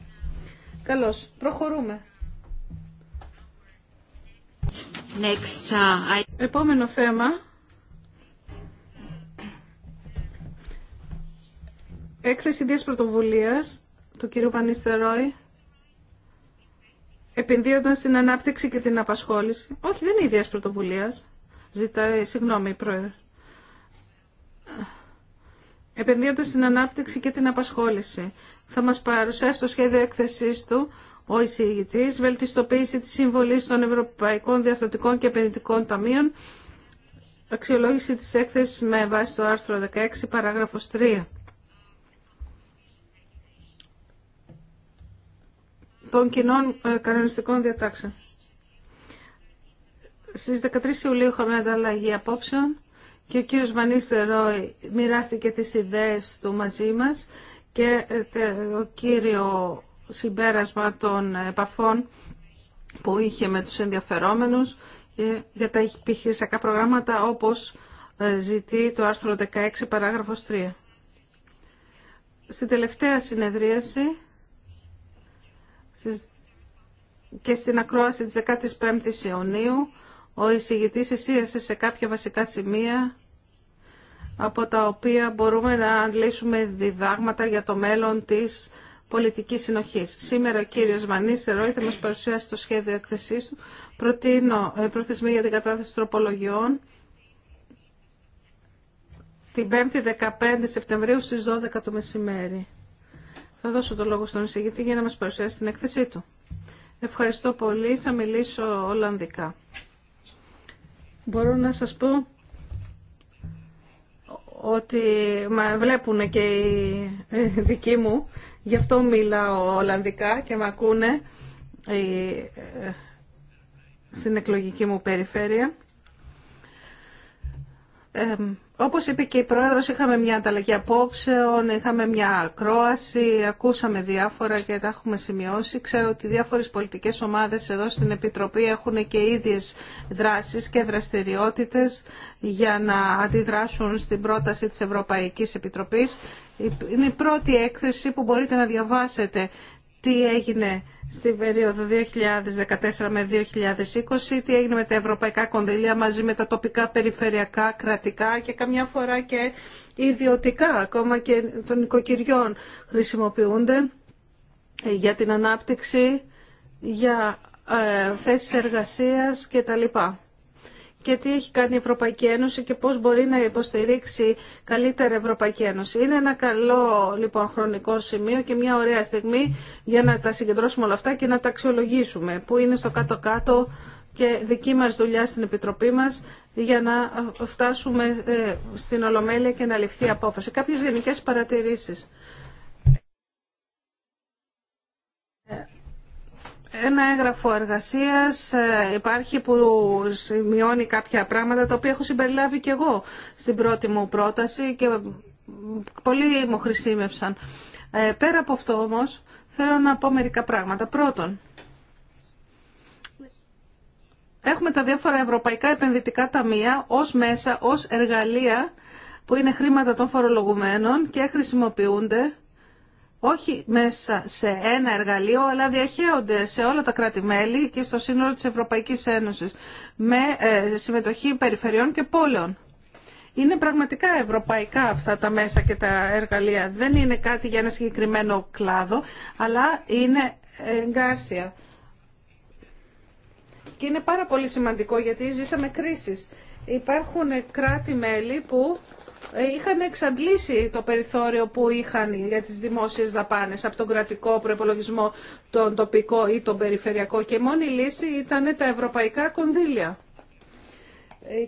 C: Καλώς. Προχωρούμε. Next, uh, Επόμενο θέμα. Έκθεση της πρωτοβουλίας του κ. Πανίστερόη. Επενδύοντας στην ανάπτυξη και την απασχόληση. Όχι, δεν είναι ιδέας πρωτοβουλίας. Ζητάει συγγνώμη, Πρόεδρε επενδύοντας στην ανάπτυξη και την απασχόληση. Θα μας παρουσιάσει το σχέδιο έκθεσής του ο εισηγητής, βελτιστοποίηση της συμβολής των Ευρωπαϊκών Διαθετικών και Επενδυτικών Ταμείων, αξιολόγηση της έκθεσης με βάση το άρθρο 16, παράγραφος 3. των κοινών ε, κανονιστικών διατάξεων. Στις 13 Ιουλίου είχαμε ανταλλαγή απόψεων και ο κύριος Βανίστε Ρόι μοιράστηκε τις ιδέες του μαζί μας και ε, το κύριο συμπέρασμα των επαφών που είχε με τους ενδιαφερόμενους ε, για τα επιχειρησιακά προγράμματα όπως ε, ζητεί το άρθρο 16 παράγραφος 3. Στην τελευταία συνεδρίαση και στην ακρόαση της 15ης Ιουνίου ο εισηγητής εστίασε σε κάποια βασικά σημεία από τα οποία μπορούμε να λύσουμε διδάγματα για το μέλλον της πολιτικής συνοχής. Σήμερα ο κύριος Μανίστερο θα μας παρουσιάσει το σχέδιο εκθεσής του. Προτείνω ε, προθεσμή για την κατάθεση τροπολογιών την 5η 15 Σεπτεμβρίου στις 12 το μεσημέρι. Θα δώσω το λόγο στον εισηγητή για να μας παρουσιάσει την έκθεσή του. Ευχαριστώ πολύ. Θα μιλήσω Ολλανδικά μπορώ να σας πω ότι με βλέπουν και οι ε, δικοί μου, γι' αυτό μιλάω Ολλανδικά και με ακούνε ε, στην εκλογική μου περιφέρεια. Ε, όπως είπε και η Πρόεδρος, είχαμε μια ανταλλαγή απόψεων, είχαμε μια ακρόαση, ακούσαμε διάφορα και τα έχουμε σημειώσει. Ξέρω ότι διάφορες πολιτικές ομάδες εδώ στην Επιτροπή έχουν και ίδιες δράσεις και δραστηριότητες για να αντιδράσουν στην πρόταση της Ευρωπαϊκής Επιτροπής. Είναι η πρώτη έκθεση που μπορείτε να διαβάσετε τι έγινε στην περίοδο 2014 με 2020, τι έγινε με τα ευρωπαϊκά κονδύλια μαζί με τα τοπικά, περιφερειακά, κρατικά και καμιά φορά και ιδιωτικά, ακόμα και των οικοκυριών χρησιμοποιούνται για την ανάπτυξη, για ε, θέσεις εργασίας και τα λοιπά και τι έχει κάνει η Ευρωπαϊκή Ένωση και πώς μπορεί να υποστηρίξει καλύτερα η Ευρωπαϊκή Ένωση. Είναι ένα καλό λοιπόν χρονικό σημείο και μια ωραία στιγμή για να τα συγκεντρώσουμε όλα αυτά και να τα αξιολογήσουμε που είναι στο κάτω-κάτω και δική μας δουλειά στην Επιτροπή μας για να φτάσουμε ε, στην Ολομέλεια και να ληφθεί απόφαση. Κάποιες γενικές παρατηρήσεις. ένα έγγραφο εργασία. Ε, υπάρχει που σημειώνει κάποια πράγματα τα οποία έχω συμπεριλάβει και εγώ στην πρώτη μου πρόταση και πολύ μου χρησιμεύσαν. Ε, πέρα από αυτό όμως θέλω να πω μερικά πράγματα. Πρώτον, έχουμε τα διάφορα ευρωπαϊκά επενδυτικά ταμεία ως μέσα, ως εργαλεία που είναι χρήματα των φορολογουμένων και χρησιμοποιούνται όχι μέσα σε ένα εργαλείο, αλλά διαχέονται σε όλα τα κράτη-μέλη και στο σύνολο της Ευρωπαϊκής Ένωσης, με ε, συμμετοχή περιφερειών και πόλεων. Είναι πραγματικά ευρωπαϊκά αυτά τα μέσα και τα εργαλεία. Δεν είναι κάτι για ένα συγκεκριμένο κλάδο, αλλά είναι εγκάρσια. Και είναι πάρα πολύ σημαντικό γιατί ζήσαμε κρίσεις. Υπάρχουν κράτη-μέλη που είχαν εξαντλήσει το περιθώριο που είχαν για τις δημόσιες δαπάνες από τον κρατικό προπολογισμό, τον τοπικό ή τον περιφερειακό και η μόνη λύση ήταν τα ευρωπαϊκά κονδύλια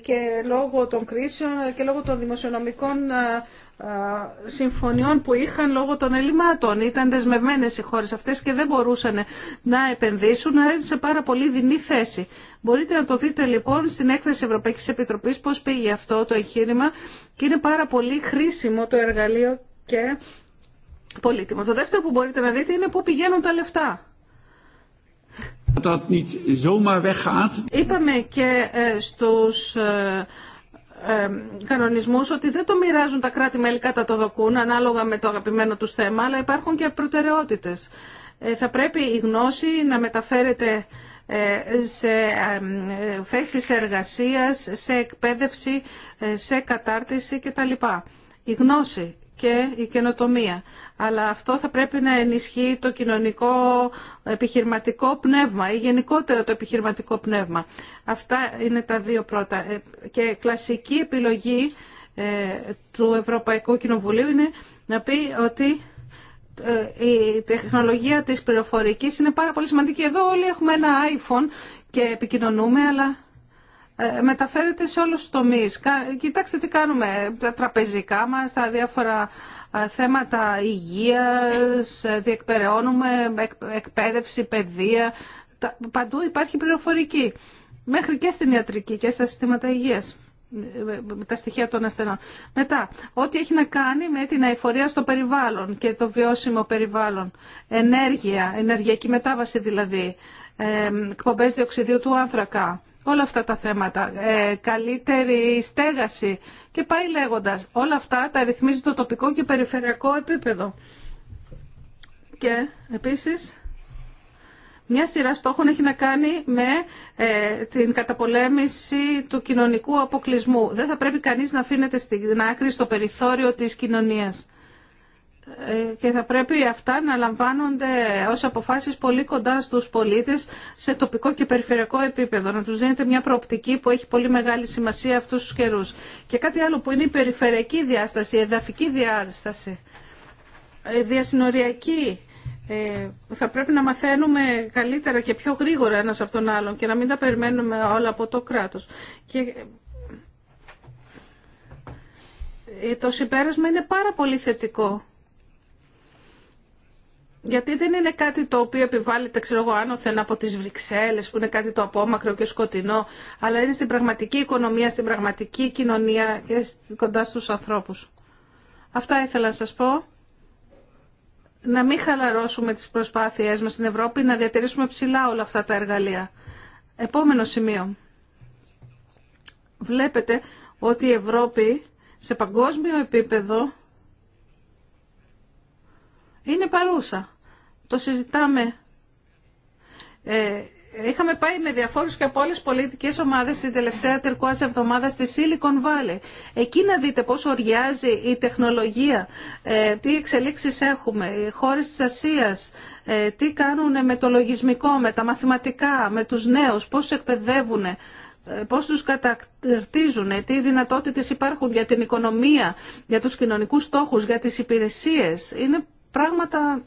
C: και λόγω των κρίσεων και λόγω των δημοσιονομικών ε, ε, συμφωνιών που είχαν λόγω των ελλημάτων. Ήταν δεσμευμένε οι χώρε αυτέ και δεν μπορούσαν να επενδύσουν, αλλά ήταν σε πάρα πολύ δεινή θέση. Μπορείτε να το δείτε λοιπόν στην έκθεση Ευρωπαϊκή Επιτροπή πώ πήγε αυτό το εγχείρημα και είναι πάρα πολύ χρήσιμο το εργαλείο και πολύτιμο. Το δεύτερο που μπορείτε να δείτε είναι πού πηγαίνουν τα λεφτά. Είπαμε και ε, στους ε, ε, κανονισμούς ότι δεν το μοιράζουν τα κράτη-μέλη κατά το δοκούν ανάλογα με το αγαπημένο τους θέμα, αλλά υπάρχουν και προτεραιότητες. Θα πρέπει η γνώση να μεταφέρεται σε θέσεις εργασίας, σε εκπαίδευση, σε κατάρτιση κτλ. Η γνώση και η καινοτομία. Αλλά αυτό θα πρέπει να ενισχύει το κοινωνικό επιχειρηματικό πνεύμα ή γενικότερα το επιχειρηματικό πνεύμα. Αυτά είναι τα δύο πρώτα. Ε, και κλασική επιλογή ε, του Ευρωπαϊκού Κοινοβουλίου είναι να πει ότι ε, η τεχνολογία της πληροφορικής είναι πάρα πολύ σημαντική. Εδώ όλοι έχουμε ένα iPhone και επικοινωνούμε, αλλά ε, μεταφέρεται σε όλους τους τομείς. Κοιτάξτε τι κάνουμε, τα τραπεζικά μας, τα διάφορα ε, θέματα υγείας, ε, διεκπαιρεώνουμε εκπαίδευση, παιδεία, παντού υπάρχει πληροφορική, μέχρι και στην ιατρική και στα συστήματα υγείας τα στοιχεία των ασθενών. Μετά, ό,τι έχει να κάνει με την αηφορία στο περιβάλλον και το βιώσιμο περιβάλλον. Ενέργεια, ενεργειακή μετάβαση δηλαδή, εκπομπές διοξιδίου του άνθρακα, όλα αυτά τα θέματα, ε, καλύτερη στέγαση και πάει λέγοντας. Όλα αυτά τα ρυθμίζει το τοπικό και περιφερειακό επίπεδο. Και επίσης μια σειρά στόχων έχει να κάνει με ε, την καταπολέμηση του κοινωνικού αποκλεισμού. Δεν θα πρέπει κανείς να αφήνεται στην άκρη στο περιθώριο της κοινωνίας. Ε, και θα πρέπει αυτά να λαμβάνονται ως αποφάσεις πολύ κοντά στους πολίτες σε τοπικό και περιφερειακό επίπεδο, να τους δίνεται μια προοπτική που έχει πολύ μεγάλη σημασία αυτούς τους καιρούς. Και κάτι άλλο που είναι η περιφερειακή διάσταση, η εδαφική διάσταση, η διασυνοριακή, που ε, θα πρέπει να μαθαίνουμε καλύτερα και πιο γρήγορα ένας από τον άλλον και να μην τα περιμένουμε όλα από το κράτος. Και ε, το συμπέρασμα είναι πάρα πολύ θετικό γιατί δεν είναι κάτι το οποίο επιβάλλεται, ξέρω εγώ, άνωθεν από τις Βρυξέλλε, που είναι κάτι το απόμακρο και σκοτεινό, αλλά είναι στην πραγματική οικονομία, στην πραγματική κοινωνία και κοντά στου ανθρώπους. Αυτά ήθελα να σας πω. Να μην χαλαρώσουμε τις προσπάθειές μας στην Ευρώπη, να διατηρήσουμε ψηλά όλα αυτά τα εργαλεία. Επόμενο σημείο. Βλέπετε ότι η Ευρώπη σε παγκόσμιο επίπεδο είναι παρούσα το συζητάμε. Ε, είχαμε πάει με διαφόρους και από όλες πολιτικές ομάδες την τελευταία τερκουάς εβδομάδα στη Silicon Valley. Εκεί να δείτε πώς οριάζει η τεχνολογία, ε, τι εξελίξεις έχουμε, οι χώρες της Ασίας, ε, τι κάνουν με το λογισμικό, με τα μαθηματικά, με τους νέους, πώς εκπαιδεύουν ε, πώς τους καταρτίζουν, τι δυνατότητες υπάρχουν για την οικονομία, για τους κοινωνικούς στόχους, για τις υπηρεσίες. Είναι πράγματα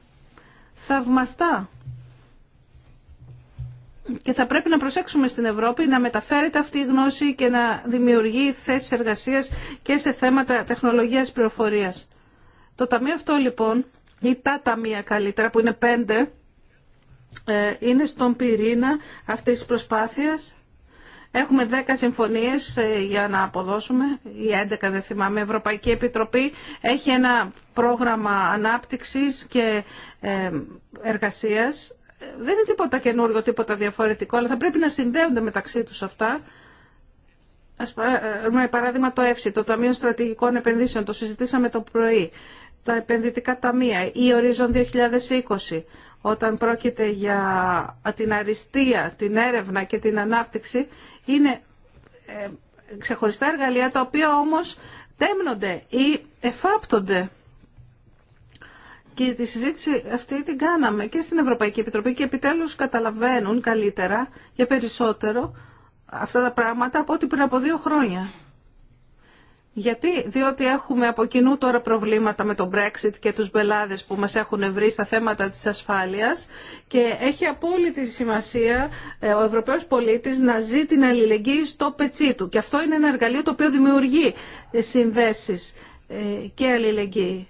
C: θαυμαστά. Και θα πρέπει να προσέξουμε στην Ευρώπη να μεταφέρεται αυτή η γνώση και να δημιουργεί θέσεις εργασίας και σε θέματα τεχνολογίας πληροφορίας. Το ταμείο αυτό λοιπόν, ή τα ταμεία καλύτερα που είναι πέντε, ε, είναι στον πυρήνα αυτής της προσπάθειας Έχουμε 10 συμφωνίες ε, για να αποδώσουμε, ή 11 δεν θυμάμαι. Η Ευρωπαϊκή Επιτροπή έχει ένα πρόγραμμα ανάπτυξης και ε, εργασίας. Δεν είναι τίποτα καινούριο, τίποτα διαφορετικό, αλλά θα πρέπει να συνδέονται μεταξύ τους αυτά. Ας πούμε, ε, παράδειγμα το ΕΦΣΙ, το Ταμείο Στρατηγικών Επενδύσεων, το συζητήσαμε το πρωί. Τα επενδυτικά ταμεία ή ορίζον 2020 όταν πρόκειται για την αριστεία, την έρευνα και την ανάπτυξη, είναι ε, ξεχωριστά εργαλεία τα οποία όμως τέμνονται ή εφάπτονται. Και τη συζήτηση αυτή την κάναμε και στην Ευρωπαϊκή Επιτροπή και επιτέλους καταλαβαίνουν καλύτερα και περισσότερο αυτά τα πράγματα από ό,τι πριν από δύο χρόνια. Γιατί, διότι έχουμε από κοινού τώρα προβλήματα με τον Brexit και τους μπελάδες που μας έχουν βρει στα θέματα της ασφάλειας και έχει απόλυτη σημασία ε, ο Ευρωπαίος πολίτης να ζει την αλληλεγγύη στο πετσί του. Και αυτό είναι ένα εργαλείο το οποίο δημιουργεί ε, συνδέσεις ε, και αλληλεγγύη.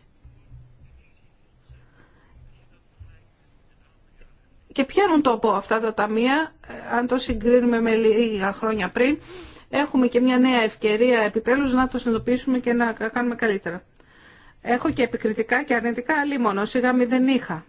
C: Και πιάνουν τόπο αυτά τα ταμεία, αν το συγκρίνουμε με λίγα χρόνια πριν, έχουμε και μια νέα ευκαιρία επιτέλους να το συνειδητοποιήσουμε και να κάνουμε καλύτερα. Έχω και επικριτικά και αρνητικά μόνο σιγά μη δεν είχα.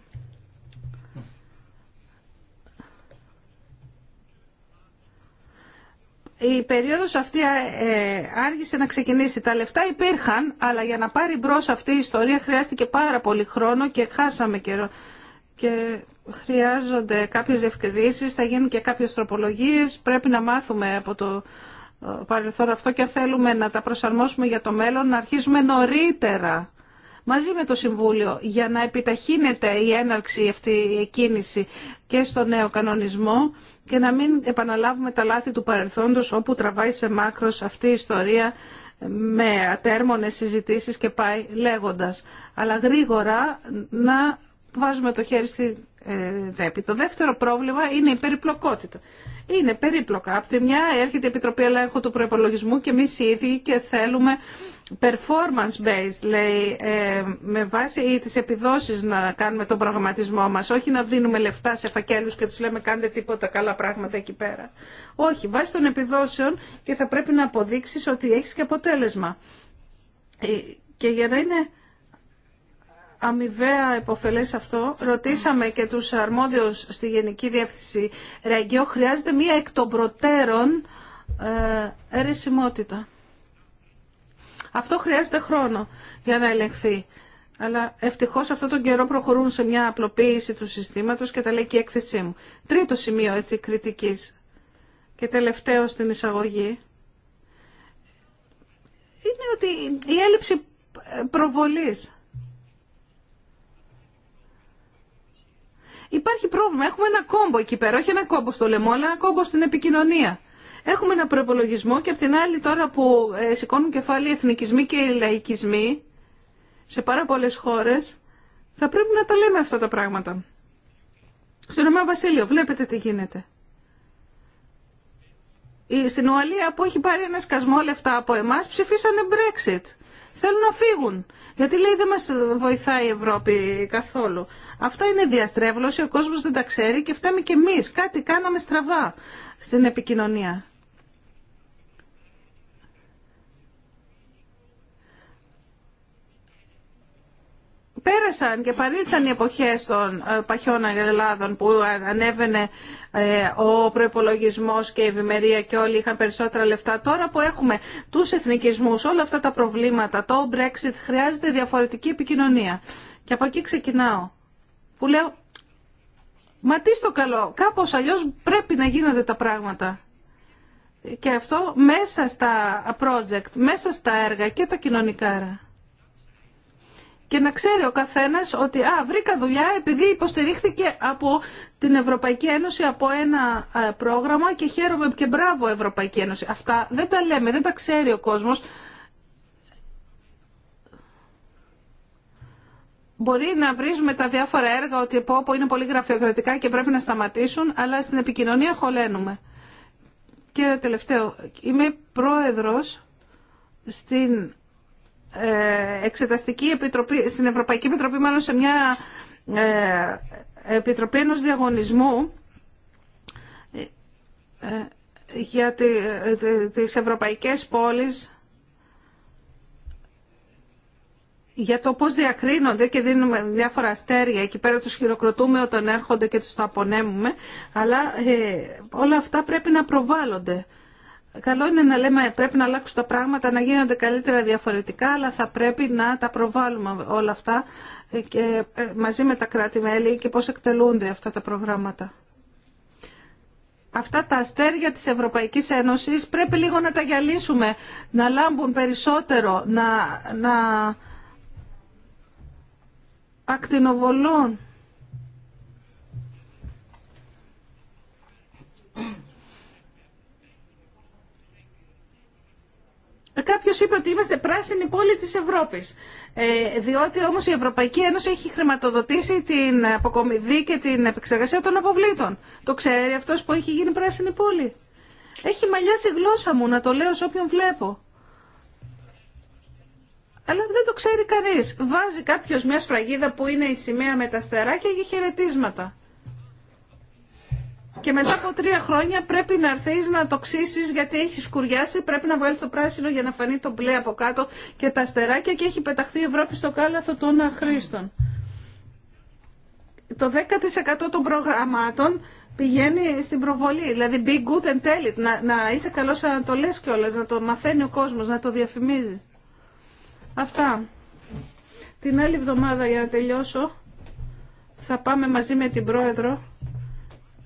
C: Η περίοδος αυτή ε, άργησε να ξεκινήσει. Τα λεφτά υπήρχαν, αλλά για να πάρει μπρος αυτή η ιστορία χρειάστηκε πάρα πολύ χρόνο και χάσαμε καιρό. Και χρειάζονται κάποιες διευκρινήσεις, θα γίνουν και κάποιες τροπολογίες. Πρέπει να μάθουμε από το παρελθόν αυτό και θέλουμε να τα προσαρμόσουμε για το μέλλον, να αρχίζουμε νωρίτερα μαζί με το Συμβούλιο για να επιταχύνεται η έναρξη αυτή η κίνηση και στο νέο κανονισμό και να μην επαναλάβουμε τα λάθη του παρελθόντος όπου τραβάει σε μάκρος αυτή η ιστορία με ατέρμονες συζητήσεις και πάει λέγοντας. Αλλά γρήγορα να βάζουμε το χέρι στην ε, Το δεύτερο πρόβλημα είναι η περιπλοκότητα. Είναι περίπλοκα. Από τη μια έρχεται η Επιτροπή Ελέγχου του Προπολογισμού και εμεί οι ίδιοι και θέλουμε performance based, λέει, ε, με βάση τις επιδόσεις να κάνουμε τον προγραμματισμό μας, όχι να δίνουμε λεφτά σε φακέλους και τους λέμε κάντε τίποτα καλά πράγματα εκεί πέρα. Όχι, βάσει των επιδόσεων και θα πρέπει να αποδείξεις ότι έχεις και αποτέλεσμα. Ε, και για να είναι αμοιβαία επωφελέ αυτό. Ρωτήσαμε και τους αρμόδιους στη Γενική Διεύθυνση Ραγκιό. Χρειάζεται μία εκ των προτέρων ερεσιμότητα. Αυτό χρειάζεται χρόνο για να ελεγχθεί. Αλλά ευτυχώ αυτό τον καιρό προχωρούν σε μια απλοποίηση του συστήματος και τα λέει και η έκθεσή μου. Τρίτο σημείο έτσι κριτικής και τελευταίο στην εισαγωγή είναι ότι η έλλειψη προβολής Υπάρχει πρόβλημα. Έχουμε ένα κόμπο εκεί πέρα. Όχι ένα κόμπο στο λαιμό, αλλά ένα κόμπο στην επικοινωνία. Έχουμε ένα προπολογισμό και απ' την άλλη τώρα που ε, σηκώνουν κεφάλι οι εθνικισμοί και οι λαϊκισμοί σε πάρα πολλές χώρες, θα πρέπει να τα λέμε αυτά τα πράγματα. Στον Ρωμαίο Βασίλειο, βλέπετε τι γίνεται. Στην Ουαλία που έχει πάρει ένα σκασμό λεφτά από εμάς ψηφίσανε Brexit θέλουν να φύγουν. Γιατί λέει δεν μας βοηθάει η Ευρώπη καθόλου. Αυτά είναι διαστρέβλωση, ο κόσμος δεν τα ξέρει και φταίμε και εμείς. Κάτι κάναμε στραβά στην επικοινωνία. πέρασαν και παρήλθαν οι εποχές των ε, παχιών Ελλάδων που ε, ανέβαινε ε, ο προπολογισμό και η ευημερία και όλοι είχαν περισσότερα λεφτά. Τώρα που έχουμε τους εθνικισμούς, όλα αυτά τα προβλήματα, το Brexit, χρειάζεται διαφορετική επικοινωνία. Και από εκεί ξεκινάω. Που λέω, μα τι στο καλό, κάπως αλλιώς πρέπει να γίνονται τα πράγματα. Και αυτό μέσα στα project, μέσα στα έργα και τα κοινωνικά έργα και να ξέρει ο καθένας ότι α, βρήκα δουλειά επειδή υποστηρίχθηκε από την Ευρωπαϊκή Ένωση από ένα ε, πρόγραμμα και χαίρομαι και μπράβο Ευρωπαϊκή Ένωση. Αυτά δεν τα λέμε, δεν τα ξέρει ο κόσμος. Μπορεί να βρίζουμε τα διάφορα έργα ότι είναι πολύ γραφειοκρατικά και πρέπει να σταματήσουν, αλλά στην επικοινωνία χωλένουμε. Και τελευταίο. Είμαι πρόεδρος στην ε, εξεταστική επιτροπή, στην Ευρωπαϊκή Επιτροπή, μάλλον σε μια ε, επιτροπή ενό διαγωνισμού ε, για τις ευρωπαϊκές πόλεις για το πώς διακρίνονται και δίνουμε διάφορα αστέρια εκεί πέρα τους χειροκροτούμε όταν έρχονται και τους τα απονέμουμε αλλά όλα αυτά πρέπει να προβάλλονται Καλό είναι να λέμε πρέπει να αλλάξουν τα πράγματα, να γίνονται καλύτερα διαφορετικά, αλλά θα πρέπει να τα προβάλλουμε όλα αυτά ε, και ε, μαζί με τα κράτη-μέλη και πώς εκτελούνται αυτά τα προγράμματα. Αυτά τα αστέρια της Ευρωπαϊκής Ένωσης πρέπει λίγο να τα γυαλίσουμε, να λάμπουν περισσότερο, να, να ακτινοβολούν. Κάποιο είπε ότι είμαστε πράσινη πόλη τη Ευρώπη. Ε, διότι όμω η Ευρωπαϊκή Ένωση έχει χρηματοδοτήσει την αποκομιδή και την επεξεργασία των αποβλήτων. Το ξέρει αυτό που έχει γίνει πράσινη πόλη. Έχει μαλλιάσει η γλώσσα μου να το λέω σε όποιον βλέπω. Αλλά δεν το ξέρει κανεί. Βάζει κάποιο μια σφραγίδα που είναι η σημαία με τα στεράκια και χαιρετίσματα και μετά από τρία χρόνια πρέπει να έρθει να το ξύσει γιατί έχει σκουριάσει. Πρέπει να βγάλει το πράσινο για να φανεί το μπλε από κάτω και τα αστεράκια και έχει πεταχθεί η Ευρώπη στο κάλαθο των αχρήστων. Το 10% των προγραμμάτων πηγαίνει στην προβολή. Δηλαδή, be good and tell it. Να, να είσαι καλό να το λε κιόλα, να το μαθαίνει ο κόσμο, να το διαφημίζει. Αυτά. Την άλλη εβδομάδα για να τελειώσω θα πάμε μαζί με την πρόεδρο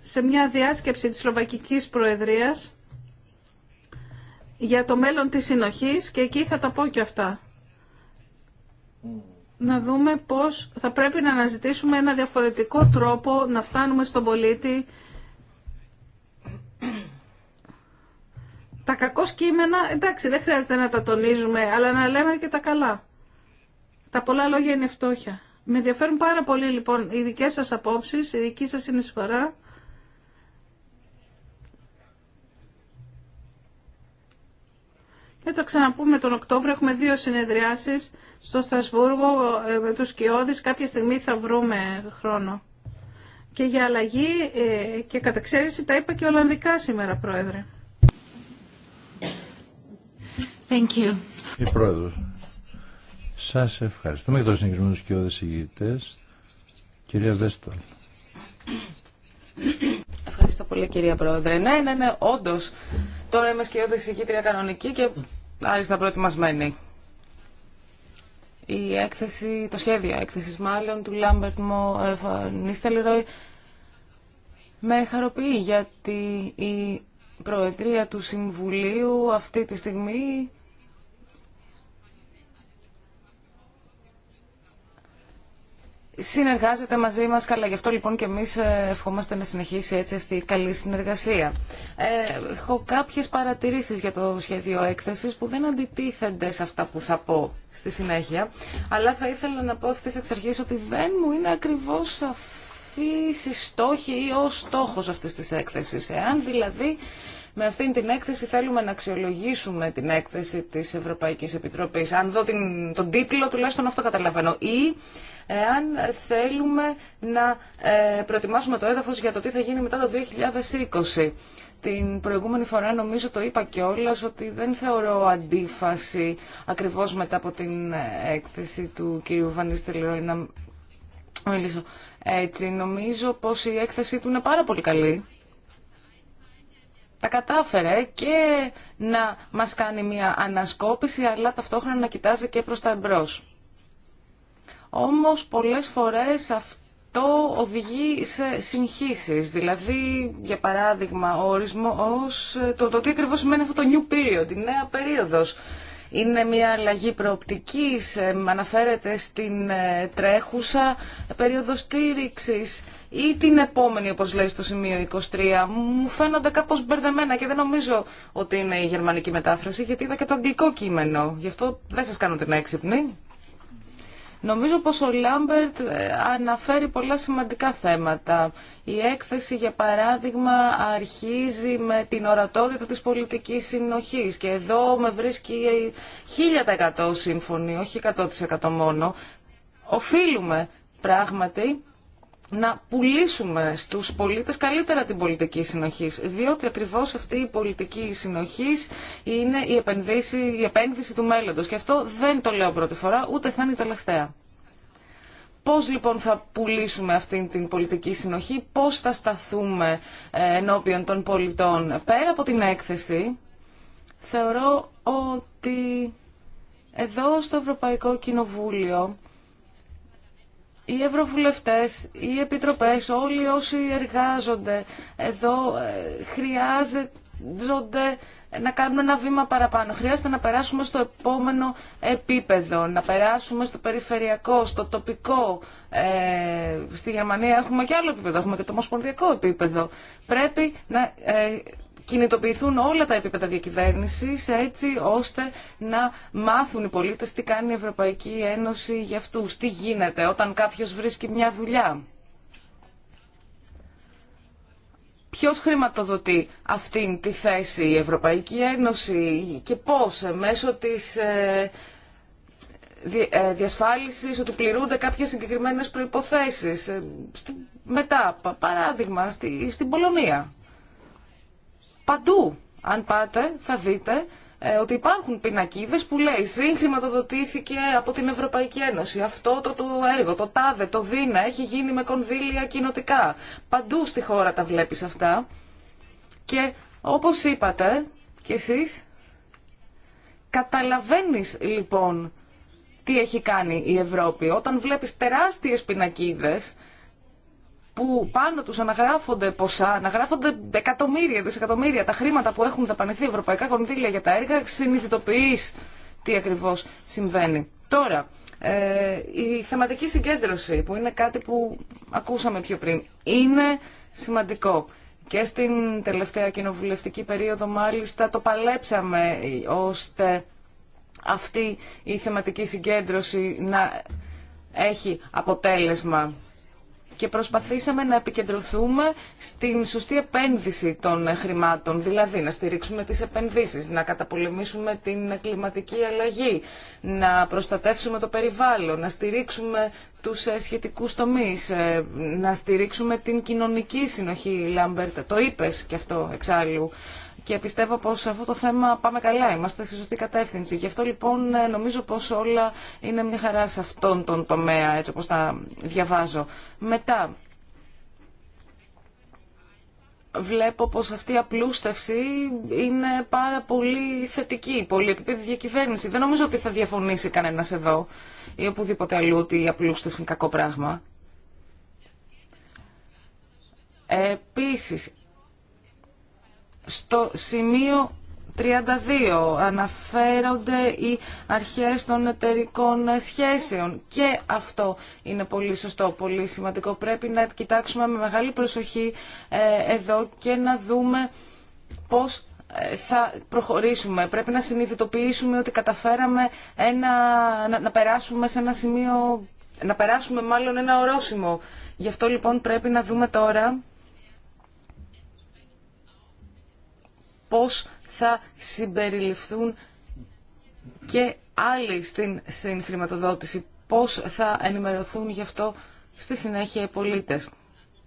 C: σε μια διάσκεψη της Σλοβακικής Προεδρίας για το μέλλον της συνοχής και εκεί θα τα πω και αυτά. Να δούμε πώς θα πρέπει να αναζητήσουμε ένα διαφορετικό τρόπο να φτάνουμε στον πολίτη τα κακό κείμενα, εντάξει δεν χρειάζεται να τα τονίζουμε, αλλά να λέμε και τα καλά. Τα πολλά λόγια είναι φτώχεια. Με ενδιαφέρουν πάρα πολύ λοιπόν οι δικές σας απόψεις, η δική σας συνεισφορά Και ε, θα ξαναπούμε τον Οκτώβριο. Έχουμε δύο συνεδριάσεις στο Στρασβούργο ε, με τους Κιώδης. Κάποια στιγμή θα βρούμε χρόνο. Και για αλλαγή ε, και καταξαίρεση τα είπα και Ολλανδικά σήμερα, Πρόεδρε. Thank
A: you.
D: Η Πρόεδρος. Σας ευχαριστούμε για το συνεχισμό τους Κιώδης ηγητές. Κυρία Βέστολ.
A: Ευχαριστώ πολύ κυρία Πρόεδρε. Ναι, ναι, ναι, όντως Τώρα είμαι η συγκήτρια κανονική και άριστα προετοιμασμένη. Η έκθεση, το σχέδιο έκθεσης μάλλον του Λάμπερτ Μο ε, Νίστελροι με χαροποιεί γιατί η Προεδρία του Συμβουλίου αυτή τη στιγμή συνεργάζεται μαζί μας καλά. Γι' αυτό λοιπόν και εμείς ε, ευχόμαστε να συνεχίσει έτσι αυτή η καλή συνεργασία. Ε, έχω κάποιες παρατηρήσεις για το σχέδιο έκθεσης που δεν αντιτίθενται σε αυτά που θα πω στη συνέχεια, αλλά θα ήθελα να πω αυτής εξ αρχής ότι δεν μου είναι ακριβώς αφήσει η στόχη ή ο στόχος αυτής της έκθεσης. Εάν δηλαδή με αυτήν την έκθεση θέλουμε να αξιολογήσουμε την έκθεση της Ευρωπαϊκής Επιτροπής. Αν δω τον τίτλο τουλάχιστον αυτό καταλαβαίνω. Ή εάν θέλουμε να ε, προετοιμάσουμε το έδαφος για το τι θα γίνει μετά το 2020. Την προηγούμενη φορά νομίζω το είπα κιόλα ότι δεν θεωρώ αντίφαση ακριβώς μετά από την ε, έκθεση του κ. Βανίστελ να μιλήσω έτσι. Νομίζω πως η έκθεσή του είναι πάρα πολύ καλή τα κατάφερε και να μας κάνει μια ανασκόπηση, αλλά ταυτόχρονα να κοιτάζει και προς τα εμπρός. Όμως πολλές φορές αυτό οδηγεί σε συγχύσεις. Δηλαδή, για παράδειγμα, ο ορισμός, το, το τι ακριβώς σημαίνει αυτό το new period, η νέα περίοδος είναι μια αλλαγή προοπτικής, ε, αναφέρεται στην ε, τρέχουσα περίοδο στήριξης ή την επόμενη, όπως λέει στο σημείο 23. Μου φαίνονται κάπως μπερδεμένα και δεν νομίζω ότι είναι η γερμανική μετάφραση, γιατί είδα και το αγγλικό κείμενο. Γι' αυτό δεν σας κάνω την έξυπνη. Νομίζω πως ο Λάμπερτ ε, αναφέρει πολλά σημαντικά θέματα. Η έκθεση, για παράδειγμα, αρχίζει με την ορατότητα της πολιτικής συνοχής και εδώ με βρίσκει 1000% σύμφωνη, όχι 100% μόνο. Οφείλουμε πράγματι να πουλήσουμε στους πολίτες καλύτερα την πολιτική συνοχής, διότι ακριβώς αυτή η πολιτική συνοχής είναι η, επενδύση, η επένδυση του μέλλοντος και αυτό δεν το λέω πρώτη φορά, ούτε θα είναι η τελευταία. Πώς λοιπόν θα πουλήσουμε αυτή την πολιτική συνοχή, πώς θα σταθούμε ε, ενώπιον των πολιτών. Πέρα από την έκθεση, θεωρώ ότι εδώ στο Ευρωπαϊκό Κοινοβούλιο οι ευρωβουλευτές, οι επιτροπές, όλοι όσοι εργάζονται εδώ ε, χρειάζονται να κάνουμε ένα βήμα παραπάνω. Χρειάζεται να περάσουμε στο επόμενο επίπεδο, να περάσουμε στο περιφερειακό, στο τοπικό. Ε, στη Γερμανία έχουμε και άλλο επίπεδο, έχουμε και το μοσπονδιακό επίπεδο. Πρέπει να ε, κινητοποιηθούν όλα τα επίπεδα διακυβέρνηση, έτσι ώστε να μάθουν οι πολίτες τι κάνει η Ευρωπαϊκή Ένωση για αυτού, τι γίνεται όταν κάποιο βρίσκει μια δουλειά. Ποιο χρηματοδοτεί αυτήν τη θέση η Ευρωπαϊκή Ένωση και πώς, ε, μέσω της ε, ε, διασφάλισης ότι πληρούνται κάποιες συγκεκριμένες προϋποθέσεις. Μετά, παράδειγμα, στην Πολωνία παντού. Αν πάτε θα δείτε ε, ότι υπάρχουν πινακίδες που λέει συγχρηματοδοτήθηκε από την Ευρωπαϊκή Ένωση. Αυτό το, το έργο, το τάδε, το δίνα, έχει γίνει με κονδύλια κοινοτικά. Παντού στη χώρα τα βλέπεις αυτά. Και όπως είπατε κι εσείς, καταλαβαίνεις λοιπόν τι έχει κάνει η Ευρώπη. Όταν βλέπεις τεράστιες πινακίδες που πάνω τους αναγράφονται ποσά, αναγράφονται εκατομμύρια, δισεκατομμύρια, τα χρήματα που έχουν δαπανηθεί ευρωπαϊκά κονδύλια για τα έργα, συνειδητοποιείς τι ακριβώς συμβαίνει. Τώρα, ε, η θεματική συγκέντρωση, που είναι κάτι που ακούσαμε πιο πριν, είναι σημαντικό. Και στην τελευταία κοινοβουλευτική περίοδο μάλιστα το παλέψαμε ώστε αυτή η θεματική συγκέντρωση να έχει αποτέλεσμα και προσπαθήσαμε να επικεντρωθούμε στην σωστή επένδυση των χρημάτων, δηλαδή να στηρίξουμε τις επενδύσεις, να καταπολεμήσουμε την κλιματική αλλαγή, να προστατεύσουμε το περιβάλλον, να στηρίξουμε τους ε, σχετικούς τομείς, ε, να στηρίξουμε την κοινωνική συνοχή, Λάμπερτ, το είπες και αυτό εξάλλου, και πιστεύω πως σε αυτό το θέμα πάμε καλά, είμαστε σε σωστή κατεύθυνση. Γι' αυτό λοιπόν νομίζω πως όλα είναι μια χαρά σε αυτόν τον τομέα, έτσι όπως τα διαβάζω. Μετά, βλέπω πως αυτή η απλούστευση είναι πάρα πολύ θετική, πολύ επίπεδη διακυβέρνηση. Δεν νομίζω ότι θα διαφωνήσει κανένας εδώ ή οπουδήποτε αλλού ότι η απλούστευση είναι κακό πράγμα. Επίσης, στο σημείο 32 αναφέρονται οι αρχές των εταιρικών σχέσεων και αυτό είναι πολύ σωστό, πολύ σημαντικό. Πρέπει να κοιτάξουμε με μεγάλη προσοχή ε, εδώ και να δούμε πώς ε, θα προχωρήσουμε. Πρέπει να συνειδητοποιήσουμε ότι καταφέραμε ένα, να, περάσουμε σε ένα σημείο, να περάσουμε μάλλον ένα ορόσημο. Γι' αυτό λοιπόν πρέπει να δούμε τώρα πώς θα συμπεριληφθούν και άλλοι στην, στην χρηματοδότηση, πώς θα ενημερωθούν γι' αυτό στη συνέχεια οι πολίτες.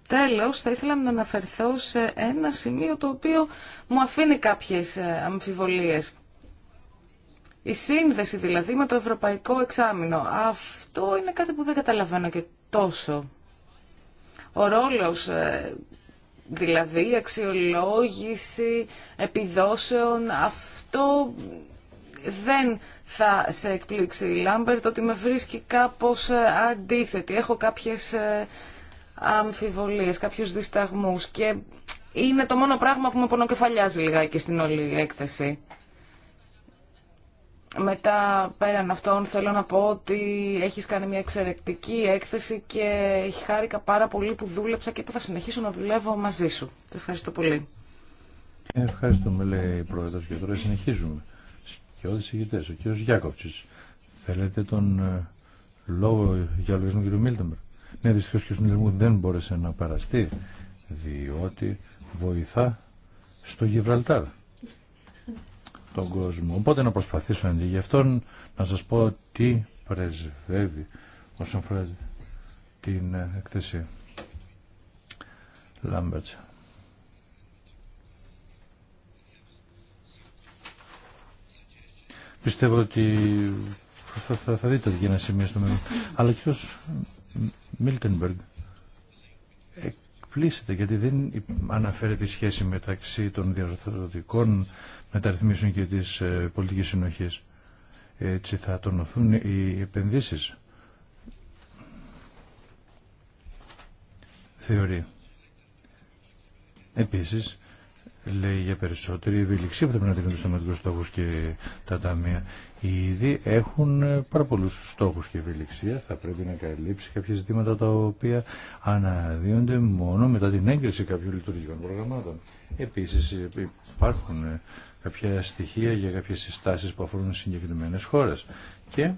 A: Τέλος, θα ήθελα να αναφερθώ σε ένα σημείο το οποίο μου αφήνει κάποιες ε, αμφιβολίες. Η σύνδεση δηλαδή με το ευρωπαϊκό εξάμεινο. Αυτό είναι κάτι που δεν καταλαβαίνω και τόσο. Ο ρόλος ε, δηλαδή αξιολόγηση επιδόσεων, αυτό δεν θα σε εκπλήξει η Λάμπερτ ότι με βρίσκει κάπως ε, αντίθετη. Έχω κάποιες ε, αμφιβολίες, κάποιους δισταγμούς και είναι το μόνο πράγμα που με πονοκεφαλιάζει λιγάκι στην όλη έκθεση. Μετά, πέραν αυτών, θέλω να πω ότι έχεις κάνει μια εξαιρετική έκθεση και χάρηκα πάρα πολύ που δούλεψα και που θα συνεχίσω να δουλεύω μαζί σου. Σε ευχαριστώ πολύ.
D: Ευχαριστούμε, λέει η Πρόεδρος και τώρα συνεχίζουμε. Και όλοι ηγητές, ο κ. Γιάκοψης. Θέλετε τον ε, λόγο για λογισμό κ. Μίλτεμπερ. Ναι, δυστυχώς και ο συνδεσμού δεν μπόρεσε να παραστεί, διότι βοηθά στο Γιβραλτάρ στον κόσμο. Οπότε να προσπαθήσω αντί γι' αυτόν να σας πω τι πρεσβεύει όσον αφορά την ε, εκθέση Λάμπερτς. Πιστεύω ότι θα, θα, θα δείτε ότι ένα σημείο στο μέλλον. Αλλά και ο Μίλτενμπεργκ εξοπλίσετε, γιατί δεν αναφέρεται η σχέση μεταξύ των διαρθρωτικών μεταρρυθμίσεων και της ε, πολιτικής συνοχής. Έτσι θα τονωθούν οι επενδύσεις. Θεωρεί. Επίσης, λέει για περισσότερη ευελιξία που θα πρέπει να δίνουν του θεματικού και τα ταμεία ήδη έχουν ε, πάρα πολλού στόχου και ευελιξία. Θα πρέπει να καλύψει κάποια ζητήματα τα οποία αναδύονται μόνο μετά την έγκριση κάποιων λειτουργικών προγραμμάτων. Επίση, ε, υπάρχουν ε, κάποια στοιχεία για κάποιε συστάσει που αφορούν συγκεκριμένε χώρε. Και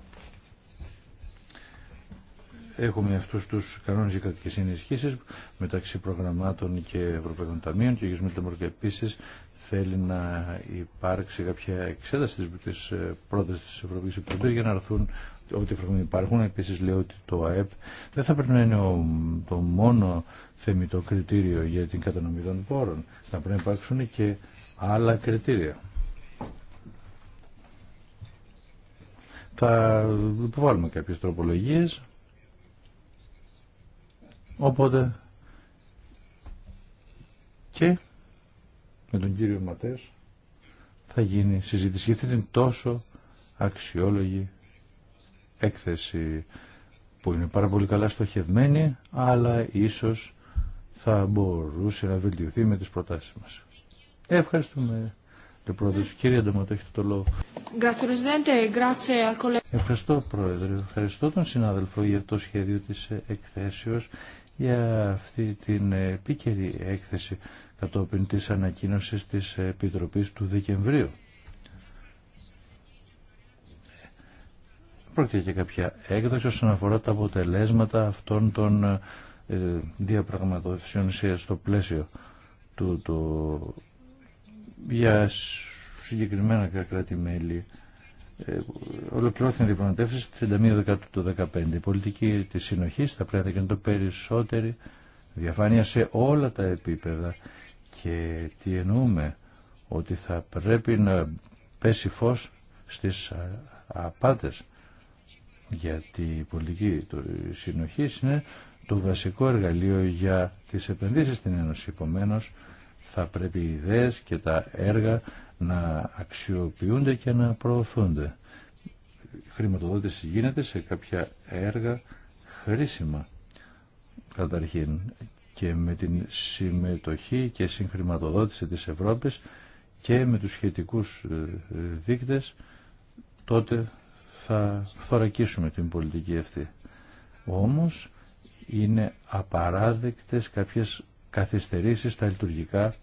D: έχουμε αυτού τους κανόνες για κρατικέ ενισχύσει μεταξύ προγραμμάτων και Ευρωπαϊκών Ταμείων και ο και επίση θέλει να υπάρξει κάποια εξέταση της ε, πρότασης της Ευρωπαϊκής Επιτροπής για να έρθουν ό,τι να υπάρχουν. Επίσης λέω ότι το ΑΕΠ δεν θα πρέπει να είναι το μόνο θεμητό κριτήριο για την κατανομή των πόρων. Θα πρέπει να υπάρξουν και άλλα κριτήρια. Θα υποβάλουμε κάποιες τροπολογίες. Οπότε και με τον κύριο Ματές θα γίνει συζήτηση γιατί αυτή τόσο αξιόλογη έκθεση που είναι πάρα πολύ καλά στοχευμένη αλλά ίσως θα μπορούσε να βελτιωθεί με τις προτάσεις μας. Ευχαριστούμε. Κύριε Ντοματό, έχετε το λόγο. E Ευχαριστώ, Πρόεδρε. Ευχαριστώ τον συνάδελφο για το σχέδιο της εκθέσεως για αυτή την επίκαιρη έκθεση κατόπιν της ανακοίνωσης της Επιτροπής του Δεκεμβρίου. Πρόκειται και κάποια έκδοση όσον αφορά τα αποτελέσματα αυτών των ε, διαπραγματεύσεων στο πλαίσιο του, του για συγκεκριμένα κράτη-μέλη. Ε, ολοκληρώθηκαν οι διαπραγματεύσει 31 του 2015. Η πολιτική τη συνοχή θα πρέπει να το περισσότερη διαφάνεια σε όλα τα επίπεδα. Και τι εννοούμε, ότι θα πρέπει να πέσει φω στι απάτε. Γιατί η πολιτική συνοχή είναι το βασικό εργαλείο για τι επενδύσει στην Ένωση. Επομένω, θα πρέπει οι ιδέες και τα έργα να αξιοποιούνται και να προωθούνται. Η χρηματοδότηση γίνεται σε κάποια έργα χρήσιμα καταρχήν και με την συμμετοχή και συγχρηματοδότηση της Ευρώπης και με τους σχετικούς ε, δείκτες τότε θα θωρακίσουμε την πολιτική αυτή. Όμως είναι απαράδεκτες κάποιες καθυστερήσεις στα λειτουργικά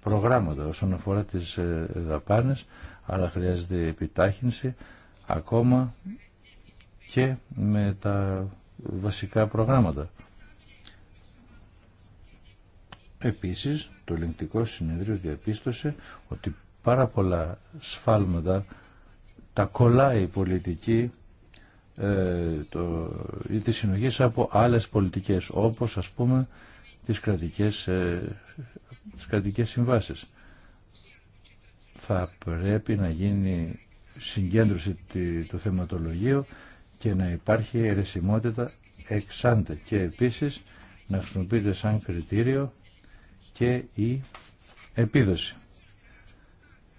D: προγράμματα όσον αφορά τις ε, δαπάνες, αλλά χρειάζεται επιτάχυνση ακόμα και με τα βασικά προγράμματα. Επίσης, το ελεγκτικό συνεδρίο διαπίστωσε ότι πάρα πολλά σφάλματα τα κολλάει η πολιτική ε, το, ή τις από άλλες πολιτικές, όπως ας πούμε τις κρατικές ε, τις κρατικές συμβάσεις. Θα πρέπει να γίνει συγκέντρωση του θεματολογίου και να υπάρχει αιρεσιμότητα εξάντε και επίσης να χρησιμοποιείται σαν κριτήριο και η επίδοση.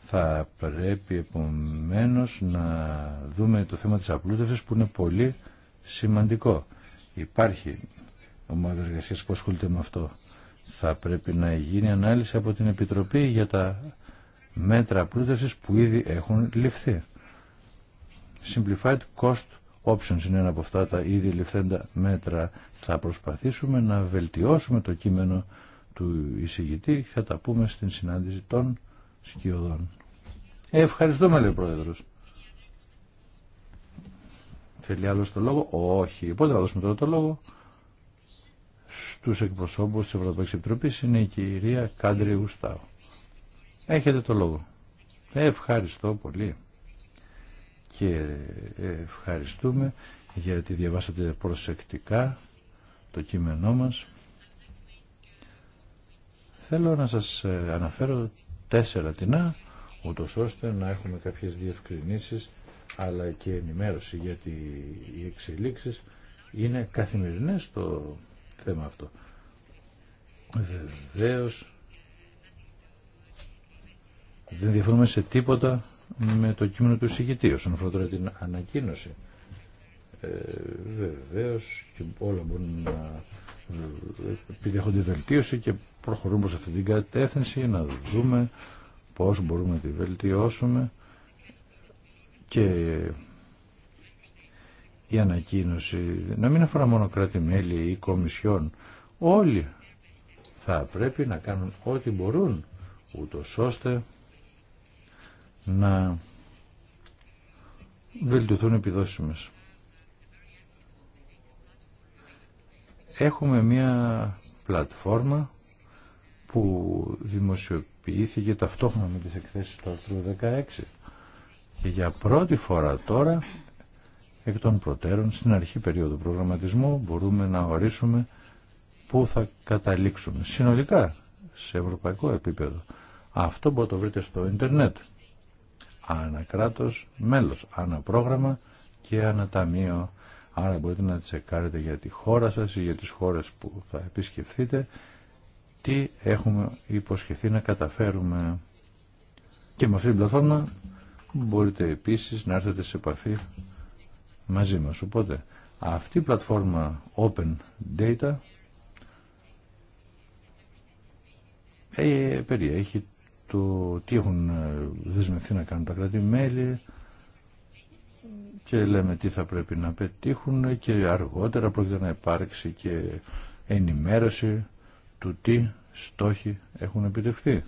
D: Θα πρέπει επομένως να δούμε το θέμα της απλούτευσης που είναι πολύ σημαντικό. Υπάρχει ομάδα εργασίας που ασχολείται με αυτό θα πρέπει να γίνει ανάλυση από την Επιτροπή για τα μέτρα πλούτευσης που ήδη έχουν ληφθεί. Simplified cost options είναι ένα από αυτά τα ήδη ληφθέντα μέτρα. Θα προσπαθήσουμε να βελτιώσουμε το κείμενο του εισηγητή θα τα πούμε στην συνάντηση των σκιωδών. Ευχαριστούμε λέει ο Πρόεδρος. Θέλει άλλο το λόγο. Όχι. Οπότε θα δώσουμε τώρα το λόγο Στου εκπροσώπους τη Ευρωπαϊκή Επιτροπή είναι η κυρία Κάντρι Γουστάου. Έχετε το λόγο. Ευχαριστώ πολύ και ευχαριστούμε γιατί διαβάσατε προσεκτικά το κείμενό μας. Θέλω να σας ε, αναφέρω τέσσερα τεινά, ούτω ώστε να έχουμε κάποιες διευκρινήσεις αλλά και ενημέρωση γιατί οι εξελίξεις είναι καθημερινές στο θέμα αυτό. Βεβαίω. Δεν διαφωνούμε σε τίποτα με το κείμενο του εισηγητή όσον αφορά τώρα την ανακοίνωση. Ε, Βεβαίω και όλα μπορούν να επιδέχονται βελτίωση και προχωρούμε σε αυτή την κατεύθυνση να δούμε πώς μπορούμε να τη βελτιώσουμε και η ανακοίνωση να μην αφορά μόνο κράτη-μέλη ή κομισιόν. Όλοι θα πρέπει να κάνουν ό,τι μπορούν ούτω ώστε να βελτιωθούν οι επιδόσεις μας. Έχουμε μία πλατφόρμα που δημοσιοποιήθηκε ταυτόχρονα με τις εκθέσεις του άρθρου 16 και για πρώτη φορά τώρα εκ των προτέρων στην αρχή περίοδου προγραμματισμού μπορούμε να ορίσουμε πού θα καταλήξουμε συνολικά σε ευρωπαϊκό επίπεδο. Αυτό μπορείτε να το βρείτε στο ίντερνετ. Ανακράτος μέλος, αναπρόγραμμα και αναταμείο. Άρα μπορείτε να τσεκάρετε για τη χώρα σας ή για τις χώρες που θα επισκεφθείτε τι έχουμε υποσχεθεί να καταφέρουμε. Και με αυτή την πλατφόρμα μπορείτε επίσης να έρθετε σε επαφή μαζί μας. Οπότε αυτή η πλατφόρμα Open Data ε, περιέχει το τι έχουν ε, δεσμευθεί να κάνουν τα κράτη-μέλη και λέμε τι θα πρέπει να πετύχουν και αργότερα πρόκειται να υπάρξει και ενημέρωση του τι στόχοι έχουν επιτευχθεί.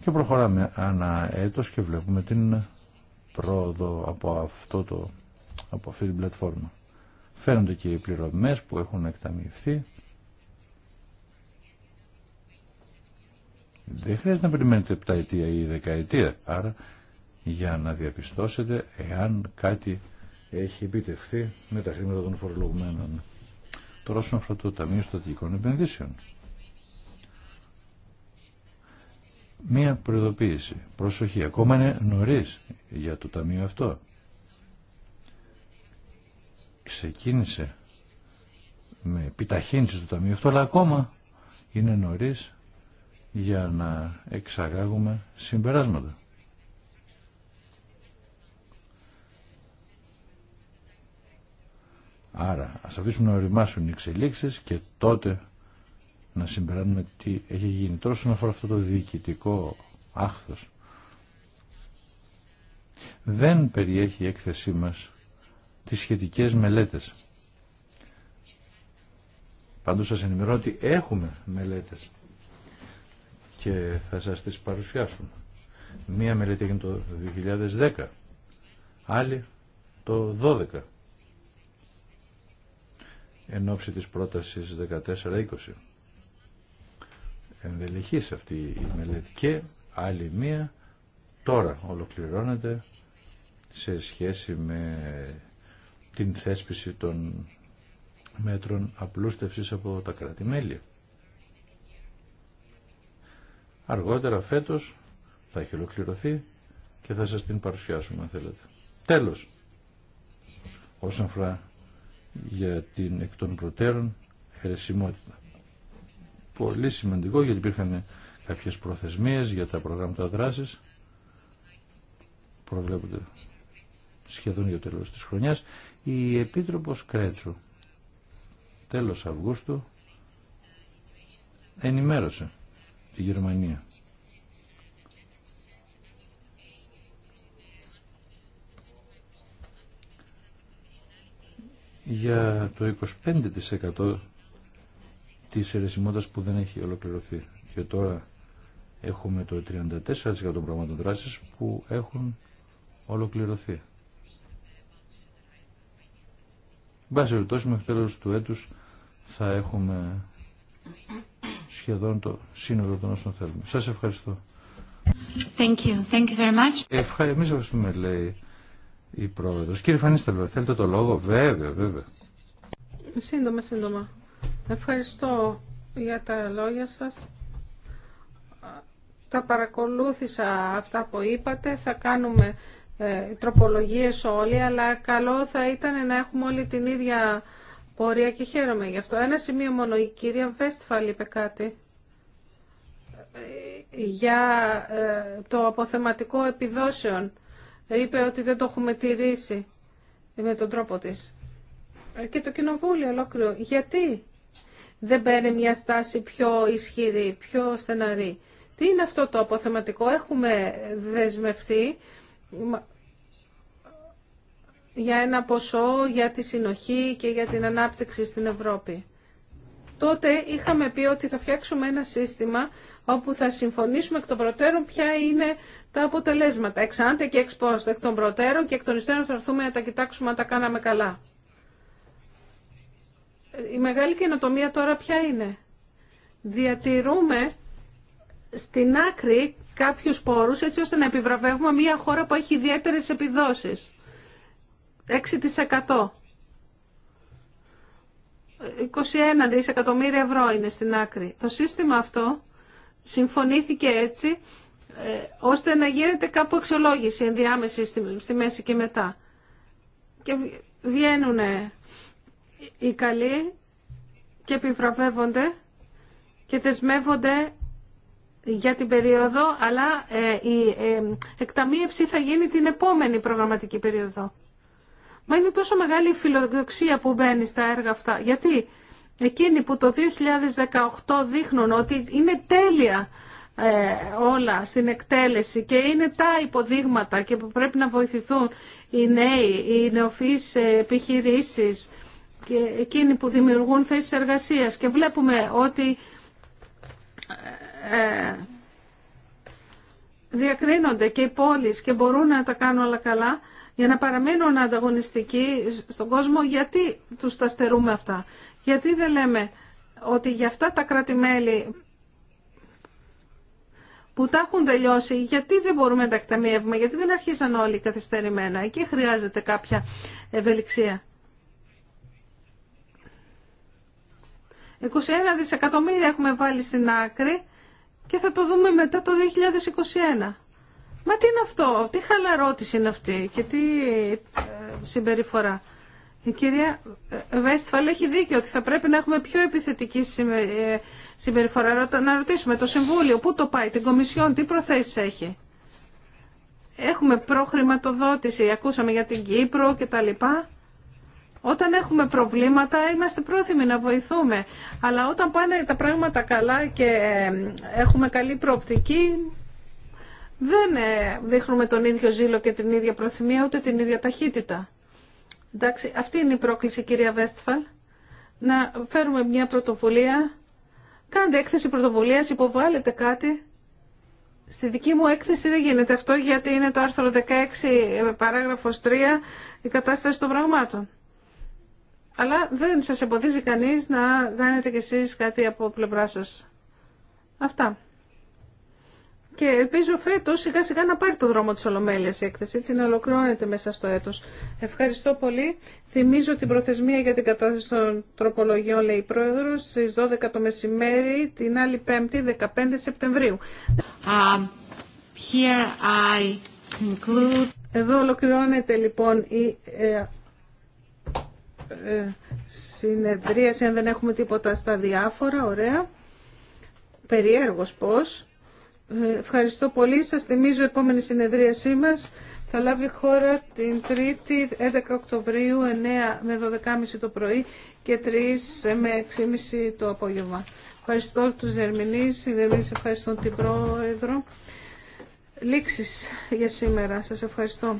D: Και προχωράμε ανά έτος και βλέπουμε την πρόοδο από, αυτό το, από αυτή την πλατφόρμα. Φαίνονται και οι πληρωμές που έχουν εκταμιευθεί. Δεν χρειάζεται να περιμένετε 7 ετία ή δεκαετία. Άρα για να διαπιστώσετε εάν κάτι έχει επιτευχθεί με τα χρήματα των φορολογουμένων. Τώρα όσον αφορά το Ταμείο Στατικών Επενδύσεων. μία προειδοποίηση. Προσοχή, ακόμα είναι νωρίς για το ταμείο αυτό. Ξεκίνησε με επιταχύνση το Ταμείο αυτό, αλλά ακόμα είναι νωρίς για να εξαγάγουμε συμπεράσματα. Άρα, ας αφήσουμε να οριμάσουν οι εξελίξεις και τότε να συμπεράνουμε τι έχει γίνει. Τώρα όσον αφορά αυτό το διοικητικό άχθος, δεν περιέχει η έκθεσή μας τις σχετικές μελέτες. Πάντως σας ενημερώ ότι έχουμε μελέτες και θα σας τις παρουσιάσουμε. Μία μελέτη έγινε το 2010, άλλη το 12 εν ώψη της πρότασης 14-20 ενδελεχής αυτή η μελέτη και άλλη μία τώρα ολοκληρώνεται σε σχέση με την θέσπιση των μέτρων απλούστευσης από τα κρατη Αργότερα φέτος θα έχει ολοκληρωθεί και θα σας την παρουσιάσουμε αν θέλετε. Τέλος, όσον αφορά για την εκ των προτέρων χαιρεσιμότητα πολύ σημαντικό γιατί υπήρχαν κάποιες προθεσμίες για τα προγράμματα δράσης προβλέπονται σχεδόν για το τέλος της χρονιάς η Επίτροπος Κρέτσου τέλος Αυγούστου ενημέρωσε τη Γερμανία για το 25% της ερεσιμότητας που δεν έχει ολοκληρωθεί. Και τώρα έχουμε το 34% των πραγμάτων που έχουν ολοκληρωθεί. πάση περιπτώσει, μέχρι τέλος του έτους θα έχουμε σχεδόν το σύνολο των όσων θέλουμε. Σας ευχαριστώ.
C: Thank you. Thank you very much.
D: ευχαριστούμε, λέει η πρόεδρος. Κύριε Φανίσταλο, θέλετε το λόγο. Βέβαια, βέβαια.
C: Σύντομα, σύντομα. Ευχαριστώ για τα λόγια σας. Τα παρακολούθησα αυτά που είπατε. Θα κάνουμε ε, τροπολογίες όλοι, αλλά καλό θα ήταν να έχουμε όλοι την ίδια πορεία και χαίρομαι γι' αυτό. Ένα σημείο μόνο. Η κυρία Βέστφαλ είπε κάτι ε, για ε, το αποθεματικό επιδόσεων. Είπε ότι δεν το έχουμε τηρήσει με τον τρόπο της. Ε, και το κοινοβούλιο ολόκληρο. Γιατί δεν παίρνει μια στάση πιο ισχυρή, πιο στεναρή. Τι είναι αυτό το αποθεματικό, έχουμε δεσμευτεί για ένα ποσό για τη συνοχή και για την ανάπτυξη στην Ευρώπη. Τότε είχαμε πει ότι θα φτιάξουμε ένα σύστημα όπου θα συμφωνήσουμε εκ των προτέρων ποια είναι τα αποτελέσματα. Εξάντε και εξ εκ των προτέρων και εκ των υστέρων θα έρθουμε να τα κοιτάξουμε αν τα κάναμε καλά η μεγάλη καινοτομία τώρα ποια είναι. Διατηρούμε στην άκρη κάποιους πόρους έτσι ώστε να επιβραβεύουμε μια χώρα που έχει ιδιαίτερες επιδόσεις. 6%. 21 δισεκατομμύρια ευρώ είναι στην άκρη. Το σύστημα αυτό συμφωνήθηκε έτσι ε, ώστε να γίνεται κάπου αξιολόγηση ενδιάμεση στη, μέση και μετά. Και βγαίνουν οι καλοί και επιβραβεύονται και δεσμεύονται για την περίοδο, αλλά ε, η ε, εκταμείευση θα γίνει την επόμενη προγραμματική περίοδο. Μα είναι τόσο μεγάλη η φιλοδοξία που μπαίνει στα έργα αυτά. Γιατί εκείνοι που το 2018 δείχνουν ότι είναι τέλεια ε, όλα στην εκτέλεση και είναι τα υποδείγματα και που πρέπει να βοηθηθούν οι νέοι, οι νεοφυείς επιχειρήσεις, και εκείνοι που δημιουργούν θέσεις εργασίας και βλέπουμε ότι ε, ε, διακρίνονται και οι πόλεις και μπορούν να τα κάνουν όλα καλά για να παραμείνουν ανταγωνιστικοί στον κόσμο γιατί τους τα στερούμε αυτά. Γιατί δεν λέμε ότι για αυτά τα κράτη-μέλη που τα έχουν τελειώσει, γιατί δεν μπορούμε να τα εκταμιεύουμε, γιατί δεν αρχίσαν όλοι καθυστερημένα. Εκεί χρειάζεται κάποια ευελιξία. 21 δισεκατομμύρια έχουμε βάλει στην άκρη και θα το δούμε μετά το 2021. Μα τι είναι αυτό, τι χαλαρότηση είναι αυτή και τι ε, συμπεριφορά. Η κυρία Βέστφαλ ε, έχει δίκιο ότι θα πρέπει να έχουμε πιο επιθετική ε, συμπεριφορά. Να ρωτήσουμε το Συμβούλιο, πού το πάει, την Κομισιόν, τι προθέσεις έχει. Έχουμε προχρηματοδότηση, ακούσαμε για την Κύπρο κτλ., όταν έχουμε προβλήματα είμαστε πρόθυμοι να βοηθούμε. Αλλά όταν πάνε τα πράγματα καλά και έχουμε καλή προοπτική, δεν ε, δείχνουμε τον ίδιο ζήλο και την ίδια προθυμία, ούτε την ίδια ταχύτητα. Εντάξει, αυτή είναι η πρόκληση, κυρία Βέστφαλ. Να φέρουμε μια πρωτοβουλία. Κάντε έκθεση πρωτοβουλίας, υποβάλλετε κάτι. Στη δική μου έκθεση δεν γίνεται αυτό γιατί είναι το άρθρο 16 παράγραφος 3 η κατάσταση των πραγμάτων. Αλλά δεν σας εμποδίζει κανείς να κάνετε κι εσείς κάτι από πλευρά σας. Αυτά. Και ελπίζω φέτο σιγά σιγά να πάρει το δρόμο τη Ολομέλειας η έκθεση, έτσι να ολοκληρώνεται μέσα στο έτο. Ευχαριστώ πολύ. Θυμίζω την προθεσμία για την κατάθεση των τροπολογιών, λέει η Πρόεδρο, στις 12 το μεσημέρι, την άλλη Πέμπτη, 15 Σεπτεμβρίου. Um, here I conclude... Εδώ ολοκληρώνεται λοιπόν η ε, ε, συνεδρίαση, αν δεν έχουμε τίποτα στα διάφορα, ωραία. Περίεργος πώς. Ε, ευχαριστώ πολύ. Σας θυμίζω, η επόμενη συνεδρίασή μας θα λάβει χώρα την 3η 11 Οκτωβρίου 9 με 12.30 το πρωί και 3 με 6.30 το απόγευμα. Ευχαριστώ τους Δερμηνείς. Οι Δερμηνείς ευχαριστώ την Πρόεδρο. Λήξεις για σήμερα. Σας ευχαριστώ.